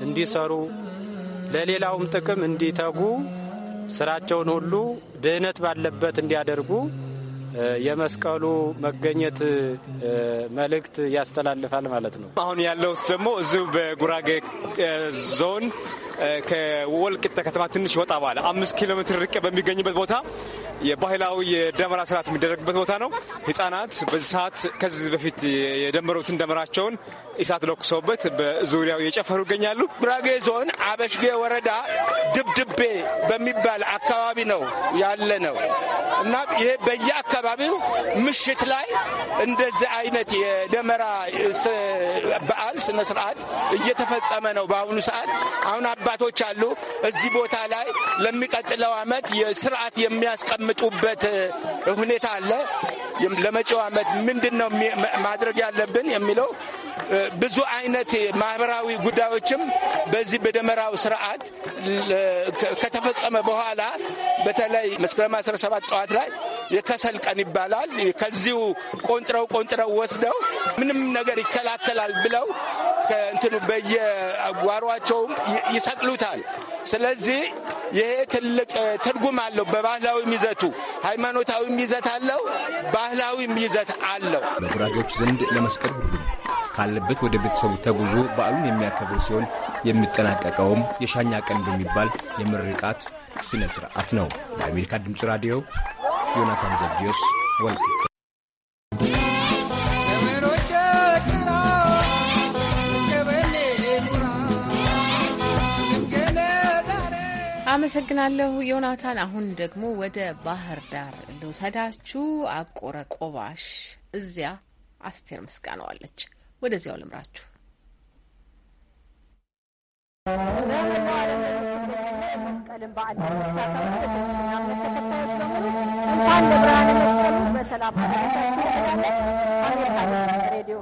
እንዲሰሩ ለሌላውም ጥቅም እንዲተጉ ስራቸውን ሁሉ ድህነት ባለበት እንዲያደርጉ የመስቀሉ መገኘት መልእክት ያስተላልፋል ማለት ነው። አሁን ያለውስ ደግሞ እዚሁ በጉራጌ ዞን ከወልቅጠ ከተማ ትንሽ ወጣ ባለ አምስት ኪሎ ሜትር ርቀ በሚገኝበት ቦታ የባህላዊ የደመራ ስርዓት የሚደረግበት ቦታ ነው። ህጻናት በዚህ ሰዓት ከዚህ በፊት የደመሩትን ደመራቸውን እሳት ለኩሰውበት በዙሪያው የጨፈሩ ይገኛሉ። ጉራጌ ዞን አበሽጌ ወረዳ ድብድቤ በሚባል አካባቢ ነው ያለ ነው እና ይሄ በየአካባቢው ምሽት ላይ እንደዚህ አይነት የደመራ በዓል ስነስርዓት እየተፈጸመ ነው በአሁኑ ሰዓት አሁን አባቶች አሉ። እዚህ ቦታ ላይ ለሚቀጥለው ዓመት ስርዓት የሚያስቀምጡበት ሁኔታ አለ። ለመጪው ዓመት ምንድን ነው ማድረግ ያለብን የሚለው ብዙ አይነት ማህበራዊ ጉዳዮችም በዚህ በደመራው ስርዓት ከተፈጸመ በኋላ በተለይ መስከረም 17 ጠዋት ላይ የከሰል ቀን ይባላል። ከዚሁ ቆንጥረው ቆንጥረው ወስደው ምንም ነገር ይከላከላል ብለው እንትኑ በየጓሯቸውም ይሰቅሉታል። ስለዚህ ይሄ ትልቅ ትርጉም አለው። በባህላዊም ይዘቱ ሃይማኖታዊም ይዘት አለው፣ ባህላዊም ይዘት አለው። በጉራጌዎች ዘንድ ለመስቀል ሁሉም ካለበት ወደ ቤተሰቡ ተጉዞ በዓሉን የሚያከብር ሲሆን የሚጠናቀቀውም የሻኛ ቀን በሚባል የምርቃት ስነ ስርዓት ነው። ለአሜሪካ ድምፅ ራዲዮ ዮናታን ዘብዲዮስ ወልቅ አመሰግናለሁ ዮናታን። አሁን ደግሞ ወደ ባህር ዳር ልውሰዳችሁ። አቆረ ቆባሽ እዚያ አስቴር ምስጋናዋለች። ወደዚያው ልምራችሁ። መስቀልን በዓል እምነት ተከታዮች በሙሉ እንኳን ለብርሃነ መስቀሉ በሰላም አደረሳችሁ። አሜሪካ ሬዲዮ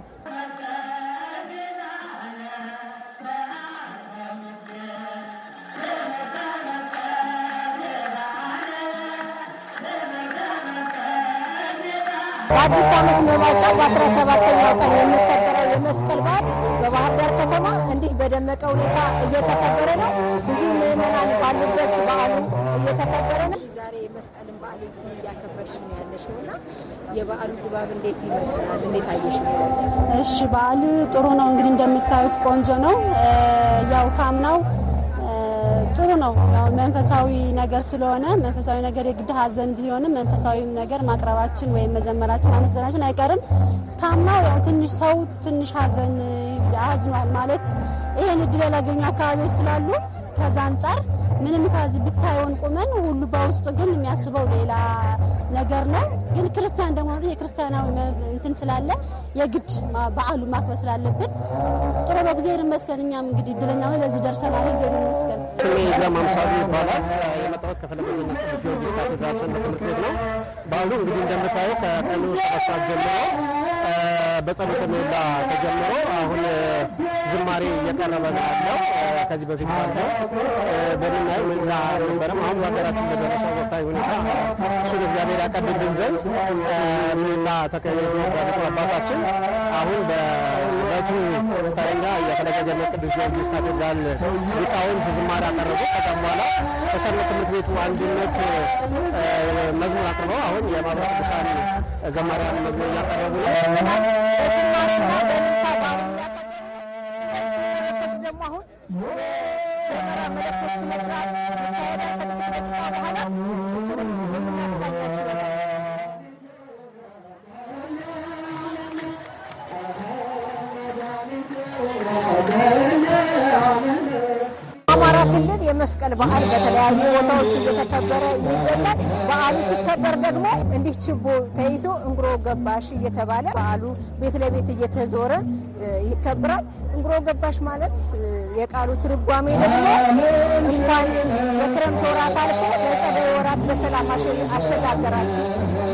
በአዲስ ዓመት መባቻ በአስራ ሰባተኛው ቀን የሚከበረው የመስቀል በዓል በባህር ዳር ከተማ እንዲህ በደመቀ ሁኔታ እየተከበረ ነው። ብዙ ምዕመናን ባሉበት በዓሉ እየተከበረ ነው። ዛሬ የመስቀልን በዓል እዚህ እያከበርሽ ነው ያለሽው እና የበዓሉ ድባብ እንዴት ይመስላል? እንዴት አየሽ? እሺ፣ በዓል ጥሩ ነው እንግዲህ እንደምታዩት ቆንጆ ነው። ያው ካምናው ጥሩ ነው። ያው መንፈሳዊ ነገር ስለሆነ መንፈሳዊ ነገር የግድ ሀዘን ቢሆንም መንፈሳዊ ነገር ማቅረባችን ወይም መዘመራችን አመስገናችን አይቀርም። ካምናው ትንሽ ሰው ትንሽ ሀዘን አዝኗል ማለት ይህን እድል ያላገኙ አካባቢዎች ስላሉ ከዛ አንጻር ምንም ከዚህ ብታየውን ቁመን ሁሉ በውስጡ ግን የሚያስበው ሌላ ነገር ነው። ግን ክርስቲያን ደግሞ የክርስቲያናዊ እንትን ስላለ የግድ በዓሉ ማክበር ስላለብን ጥሩ ነው። እግዚአብሔር ይመስገን። እኛም እንግዲህ እድለኛ ሆነን ለዚህ ደርሰናል። እግዚአብሔር ይመስገን። ስሜ ለማምሳሉ ይባላል። የመጣሁት ከፈለገኝነት ጊዮርጊስ ካቴድራል ሰንበት ትምህርት ቤት ነው። በዓሉ እንግዲህ እንደምታየው ከቀኑ ሰዓት ጀምሮ በጸሎተ ምህላ ተጀምሮ አሁን ዝማሬ እየቀረበ ነው ያለው። ከዚህ በፊት ባለው በድናይ ምዛ ነበረም አሁን ሀገራችን በደረሰ ወቅታዊ ሁኔታ እሱን እግዚአብሔር ያቀድልን ዘንድ ሚላ ተካሄዱ ያሉት አባታችን አሁን በዕለቱ ተረኛ የፈለገ ቅዱስ ጊዮርጊስ ካቴድራል ሊቃውንት ዝማሬ አቀረቡ። ከዛም በኋላ ከሰንበት ትምህርት ቤቱ አንድነት መዝሙር አቅርበው አሁን የማብራት ቅዱሳን ዘማሪያን መዝሙር እያቀረቡ ነው። አሁን የመራ መለኮት ስነስርዓት ይካሄዳል ከተከበረ በኋላ እሱንም ክልል የመስቀል በዓል በተለያዩ ቦታዎች እየተከበረ ይገኛል። በዓሉ ሲከበር ደግሞ እንዲህ ችቦ ተይዞ እንግሮ ገባሽ እየተባለ በዓሉ ቤት ለቤት እየተዞረ ይከብራል። እንግሮ ገባሽ ማለት የቃሉ ትርጓሜ ደግሞ እንኳን በክረምት ወራት አልፎ ለጸደይ ወራት በሰላም አሸጋገራችሁ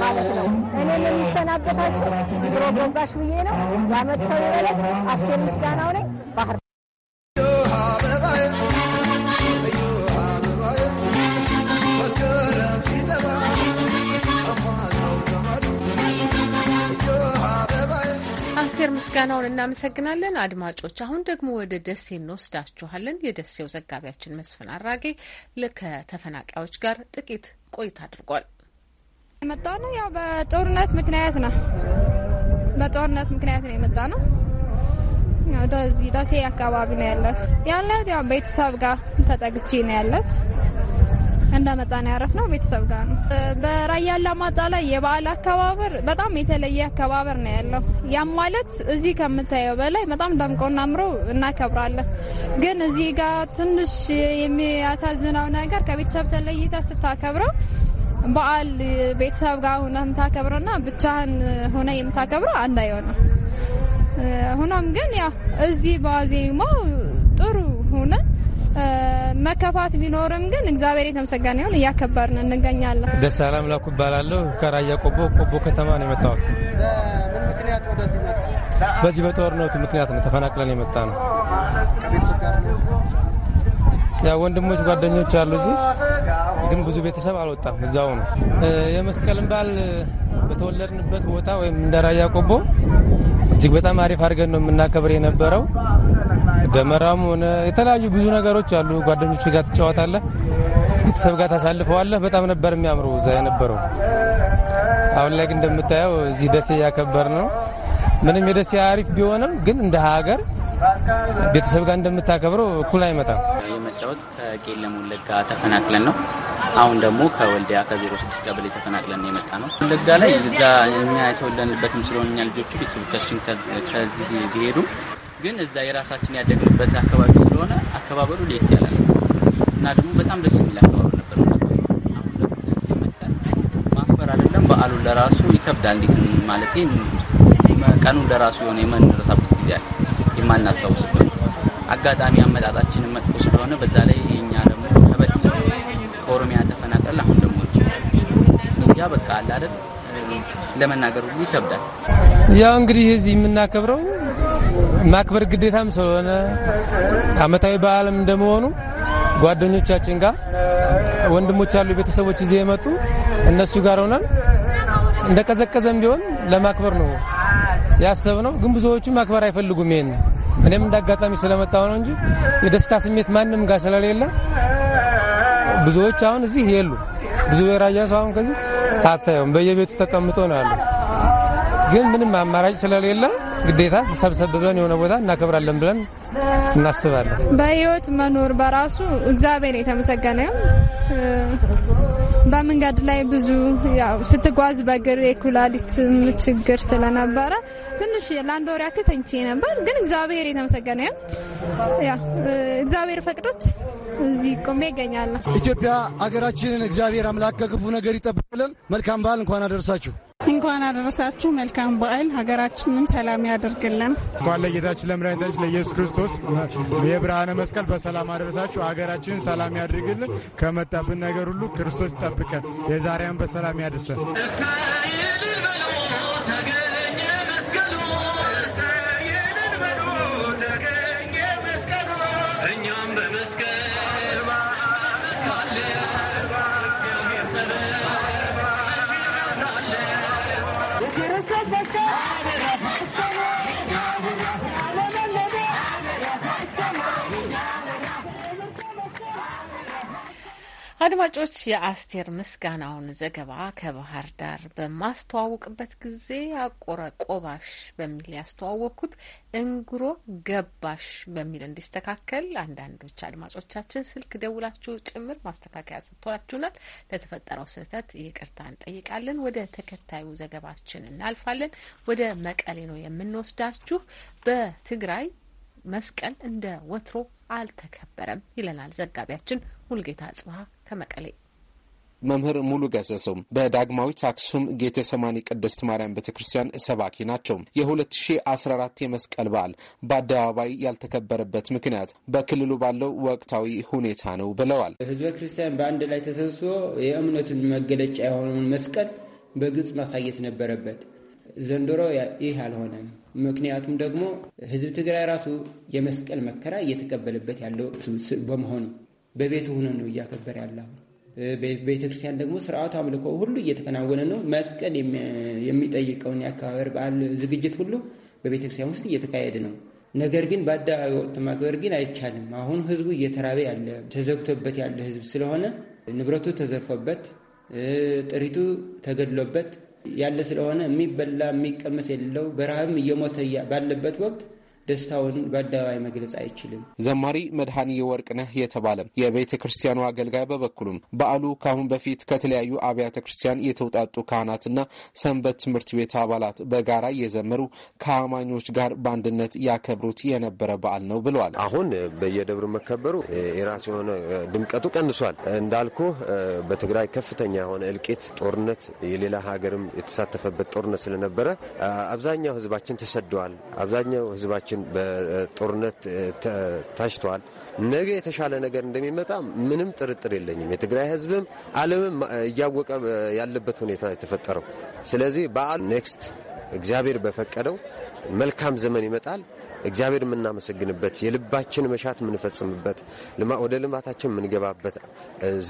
ማለት ነው። እኔም የሚሰናበታቸው እንግሮ ገባሽ ብዬ ነው። የአመት ሰው ይበለን። አስቴር ምስጋናው ነኝ። ምስጋናውን እናመሰግናለን። አድማጮች፣ አሁን ደግሞ ወደ ደሴ እንወስዳችኋለን። የደሴው ዘጋቢያችን መስፍን አራጌ ከተፈናቃዮች ጋር ጥቂት ቆይታ አድርጓል። የመጣ ነው ያው በጦርነት ምክንያት ነው። በጦርነት ምክንያት ነው የመጣ ነው። ወደዚህ ደሴ አካባቢ ነው ያለት ያለት ያው ቤተሰብ ጋር ተጠግቼ ነው ያለት እንደመጣ ነው ያረፍነው። ቤተሰብ ጋር ነው። በራያ አላማጣ ላይ የበዓል አከባበር በጣም የተለየ አከባበር ነው ያለው። ያም ማለት እዚህ ከምታየው በላይ በጣም ደምቆና አምሮ እናከብራለን። ግን እዚህ ጋር ትንሽ የሚያሳዝነው ነገር ከቤተሰብ ተለይተ ስታከብረው በዓል ቤተሰብ ጋር ሆነ የምታከብረውና ብቻህን ሆነ የምታከብረው አንድ አይሆንም። ሆኖም ግን ያው እዚህ በዋዜማው ጥሩ ሆነ መከፋት ቢኖርም ግን እግዚአብሔር የተመሰገነ ይሁን እያከበርን እንገኛለን። ደሳላ ምላኩ እባላለሁ። ከራያ ቆቦ ቆቦ ከተማ ነው የመጣሁት። በዚህ በጦርነቱ ምክንያት ነው ተፈናቅለን የመጣ ነው። ያ ወንድሞች ጓደኞች አሉ እዚህ ግን ብዙ ቤተሰብ አልወጣም። እዛው ነው የመስቀልን በዓል በተወለድንበት ቦታ ወይም እንደ ራያ ቆቦ እጅግ በጣም አሪፍ አድርገን ነው የምናከብር የነበረው ደመራም ሆነ የተለያዩ ብዙ ነገሮች አሉ። ጓደኞች ጋር ትጫወታለህ፣ ቤተሰብ ጋር ታሳልፈዋለህ። በጣም ነበር የሚያምሩ እዛ የነበረው። አሁን ላይ ግን እንደምታየው እዚህ ደሴ እያከበር ነው። ምንም የደሴ አሪፍ ቢሆንም ግን እንደ ሀገር ቤተሰብ ጋር እንደምታከብረው እኩል አይመጣም። የመጣሁት ከቄለም ወለጋ ተፈናቅለን ነው። አሁን ደግሞ ከወልዲያ ከ06 ቀበሌ ተፈናቅለን የመጣ ነው። ወለጋ ላይ እዛ እኛ የተወለንበትም ስለሆነ እኛ ልጆቹ ቤተሰቦቻችን ከዚህ ቢሄዱ ግን እዛ የራሳችን ያደግንበት አካባቢ ስለሆነ አከባበሩ ለየት ያለ ነው እና ደግሞ በጣም ደስ የሚል አከባበር ነበር። ማክበር አይደለም በዓሉን ለራሱ ይከብዳል። እንዴት ማለት ቀኑ ለራሱ የሆነ የመንረሳበት ጊዜ አለ፣ የማናስታውስበት አጋጣሚ አመጣጣችንን መጥፎ ስለሆነ በዛ ላይ የኛ ደግሞ ከበድ ከኦሮሚያ ተፈናቀል አሁን ደግሞ ያ በቃ አለ አይደል ለመናገር ሁሉ ይከብዳል። ያው እንግዲህ እዚህ የምናከብረው ማክበር ግዴታም ስለሆነ አመታዊ በዓልም እንደመሆኑ ጓደኞቻችን ጋር ወንድሞች አሉ ቤተሰቦች እዚህ የመጡ እነሱ ጋር ሆነን እንደቀዘቀዘም ቢሆን ለማክበር ነው ነው። ግን ብዙዎቹ ማክበር አይፈልጉም። ይሄን እኔም እንዳጋጣሚ ስለመጣው ነው እንጂ የደስታ ስሜት ማንም ጋር ስለሌለ ብዙዎች አሁን እዚህ የሉ። ብዙ የራያ ሰው አሁን ከዚህ አታየውም። በየቤቱ ተቀምጦ ነው ያለው። ግን ምንም አማራጭ ስለሌለ ግዴታ ሰብሰብ ብለን የሆነ ቦታ እናከብራለን ብለን እናስባለን። በህይወት መኖር በራሱ እግዚአብሔር የተመሰገነ በመንገድ ላይ ብዙ ያው ስትጓዝ በእግር የኩላሊት ችግር ስለነበረ ትንሽ ለአንድ ወር ያክል ተኝቼ ነበር። ግን እግዚአብሔር የተመሰገነ ያው እግዚአብሔር ፈቅዶት እዚህ ቆሜ ይገኛለሁ። ኢትዮጵያ ሀገራችንን እግዚአብሔር አምላክ ከክፉ ነገር ይጠብቅልን። መልካም በዓል እንኳን አደርሳችሁ። እንኳን አደረሳችሁ። መልካም በዓል። ሀገራችንም ሰላም ያደርግልን። እንኳን ለጌታችን ለመድኃኒታችን ለኢየሱስ ክርስቶስ የብርሃነ መስቀል በሰላም አደረሳችሁ። ሀገራችንን ሰላም ያድርግልን። ከመጣብን ነገር ሁሉ ክርስቶስ ይጠብቀን። የዛሬያን በሰላም ያድርሰን። አድማጮች የአስቴር ምስጋናውን ዘገባ ከባህር ዳር በማስተዋወቅበት ጊዜ አቆረ ቆባሽ በሚል ያስተዋወቅኩት እንጉሮ ገባሽ በሚል እንዲስተካከል አንዳንዶች አድማጮቻችን ስልክ ደውላችሁ ጭምር ማስተካከያ ሰጥቶላችሁናል። ለተፈጠረው ስህተት ይቅርታ እንጠይቃለን። ወደ ተከታዩ ዘገባችን እናልፋለን። ወደ መቀሌ ነው የምንወስዳችሁ። በትግራይ መስቀል እንደ ወትሮ አልተከበረም ይለናል ዘጋቢያችን ሙልጌታ ጽሀ ከመቀሌ። መምህር ሙሉ ገሰሰው በዳግማዊት አክሱም ሰማኒ ቅድስት ማርያም ቤተ ክርስቲያን ሰባኪ ናቸው። የ2014 የመስቀል በዓል በአደባባይ ያልተከበረበት ምክንያት በክልሉ ባለው ወቅታዊ ሁኔታ ነው ብለዋል። ህዝበ ክርስቲያን በአንድ ላይ ተሰብስቦ የእምነቱን መገለጫ የሆነውን መስቀል በግልጽ ማሳየት ነበረበት። ዘንድሮ ይህ አልሆነም። ምክንያቱም ደግሞ ህዝብ ትግራይ ራሱ የመስቀል መከራ እየተቀበለበት ያለ ወቅት በመሆኑ በቤቱ ሆኖ ነው እያከበረ ያለ። ቤተክርስቲያን ደግሞ ስርዓቱ አምልኮ ሁሉ እየተከናወነ ነው። መስቀል የሚጠይቀውን የአከባበር በዓል ዝግጅት ሁሉ በቤተክርስቲያን ውስጥ እየተካሄደ ነው። ነገር ግን በአደባባይ ወጥቶ ማክበር ግን አይቻልም። አሁን ህዝቡ እየተራበ ያለ ተዘግቶበት ያለ ህዝብ ስለሆነ ንብረቱ ተዘርፎበት ጥሪቱ ተገድሎበት ያለ ስለሆነ የሚበላ የሚቀመስ የሌለው በረሃብም እየሞተ ባለበት ወቅት ደስታውን በአደባባይ መግለጽ አይችልም። ዘማሪ መድኃኒ ወርቅነህ የተባለ የቤተ ክርስቲያኑ አገልጋይ በበኩሉም በዓሉ ከአሁን በፊት ከተለያዩ አብያተ ክርስቲያን የተውጣጡ ካህናትና ሰንበት ትምህርት ቤት አባላት በጋራ እየዘመሩ ከአማኞች ጋር በአንድነት ያከብሩት የነበረ በዓል ነው ብለዋል። አሁን በየደብሩ መከበሩ የራሱ የሆነ ድምቀቱ ቀንሷል። እንዳልኩ በትግራይ ከፍተኛ የሆነ እልቂት፣ ጦርነት፣ የሌላ ሀገርም የተሳተፈበት ጦርነት ስለነበረ አብዛኛው ህዝባችን ተሰደዋል። አብዛኛው ህዝባችን ሀገራችን በጦርነት ታጭቷል። ነገ የተሻለ ነገር እንደሚመጣ ምንም ጥርጥር የለኝም። የትግራይ ህዝብም ዓለምም እያወቀ ያለበት ሁኔታ የተፈጠረው። ስለዚህ በዓል ኔክስት እግዚአብሔር በፈቀደው መልካም ዘመን ይመጣል። እግዚአብሔር የምናመሰግንበት የልባችን መሻት የምንፈጽምበት ወደ ልማታችን የምንገባበት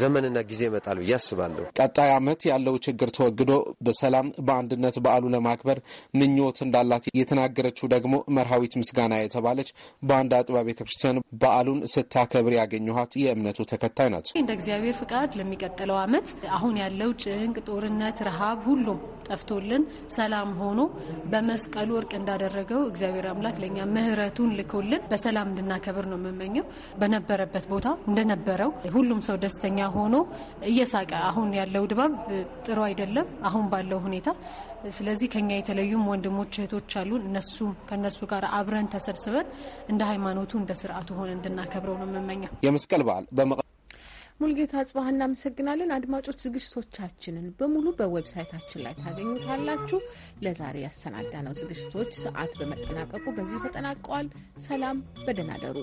ዘመንና ጊዜ ይመጣል ብዬ አስባለሁ። ቀጣይ ዓመት ያለው ችግር ተወግዶ በሰላም በአንድነት በዓሉ ለማክበር ምኞት እንዳላት የተናገረችው ደግሞ መርሃዊት ምስጋና የተባለች በአንድ አጥቢያ ቤተክርስቲያን በዓሉን ስታከብር ያገኘኋት የእምነቱ ተከታይ ናት። እንደ እግዚአብሔር ፍቃድ ለሚቀጥለው ዓመት አሁን ያለው ጭንቅ፣ ጦርነት፣ ረሃብ ሁሉም ጠፍቶልን ሰላም ሆኖ በመስቀሉ እርቅ እንዳደረገው እግዚአብሔር አምላክ ለእኛ ምሕረቱን ልኮልን በሰላም እንድናከብር ነው የምመኘው። በነበረበት ቦታ እንደነበረው ሁሉም ሰው ደስተኛ ሆኖ እየሳቀ አሁን ያለው ድባብ ጥሩ አይደለም፣ አሁን ባለው ሁኔታ። ስለዚህ ከኛ የተለዩም ወንድሞች እህቶች አሉ። እነሱም ከነሱ ጋር አብረን ተሰብስበን እንደ ሃይማኖቱ እንደ ስርዓቱ ሆነ እንድናከብረው ነው የምመኘው የመስቀል በዓል ሙልጌታ አጽባህ እናመሰግናለን። አድማጮች ዝግጅቶቻችንን በሙሉ በዌብሳይታችን ላይ ታገኙታላችሁ። ለዛሬ ያሰናዳ ነው ዝግጅቶች ሰዓት በመጠናቀቁ በዚሁ ተጠናቀዋል። ሰላም፣ በደህና ደሩ።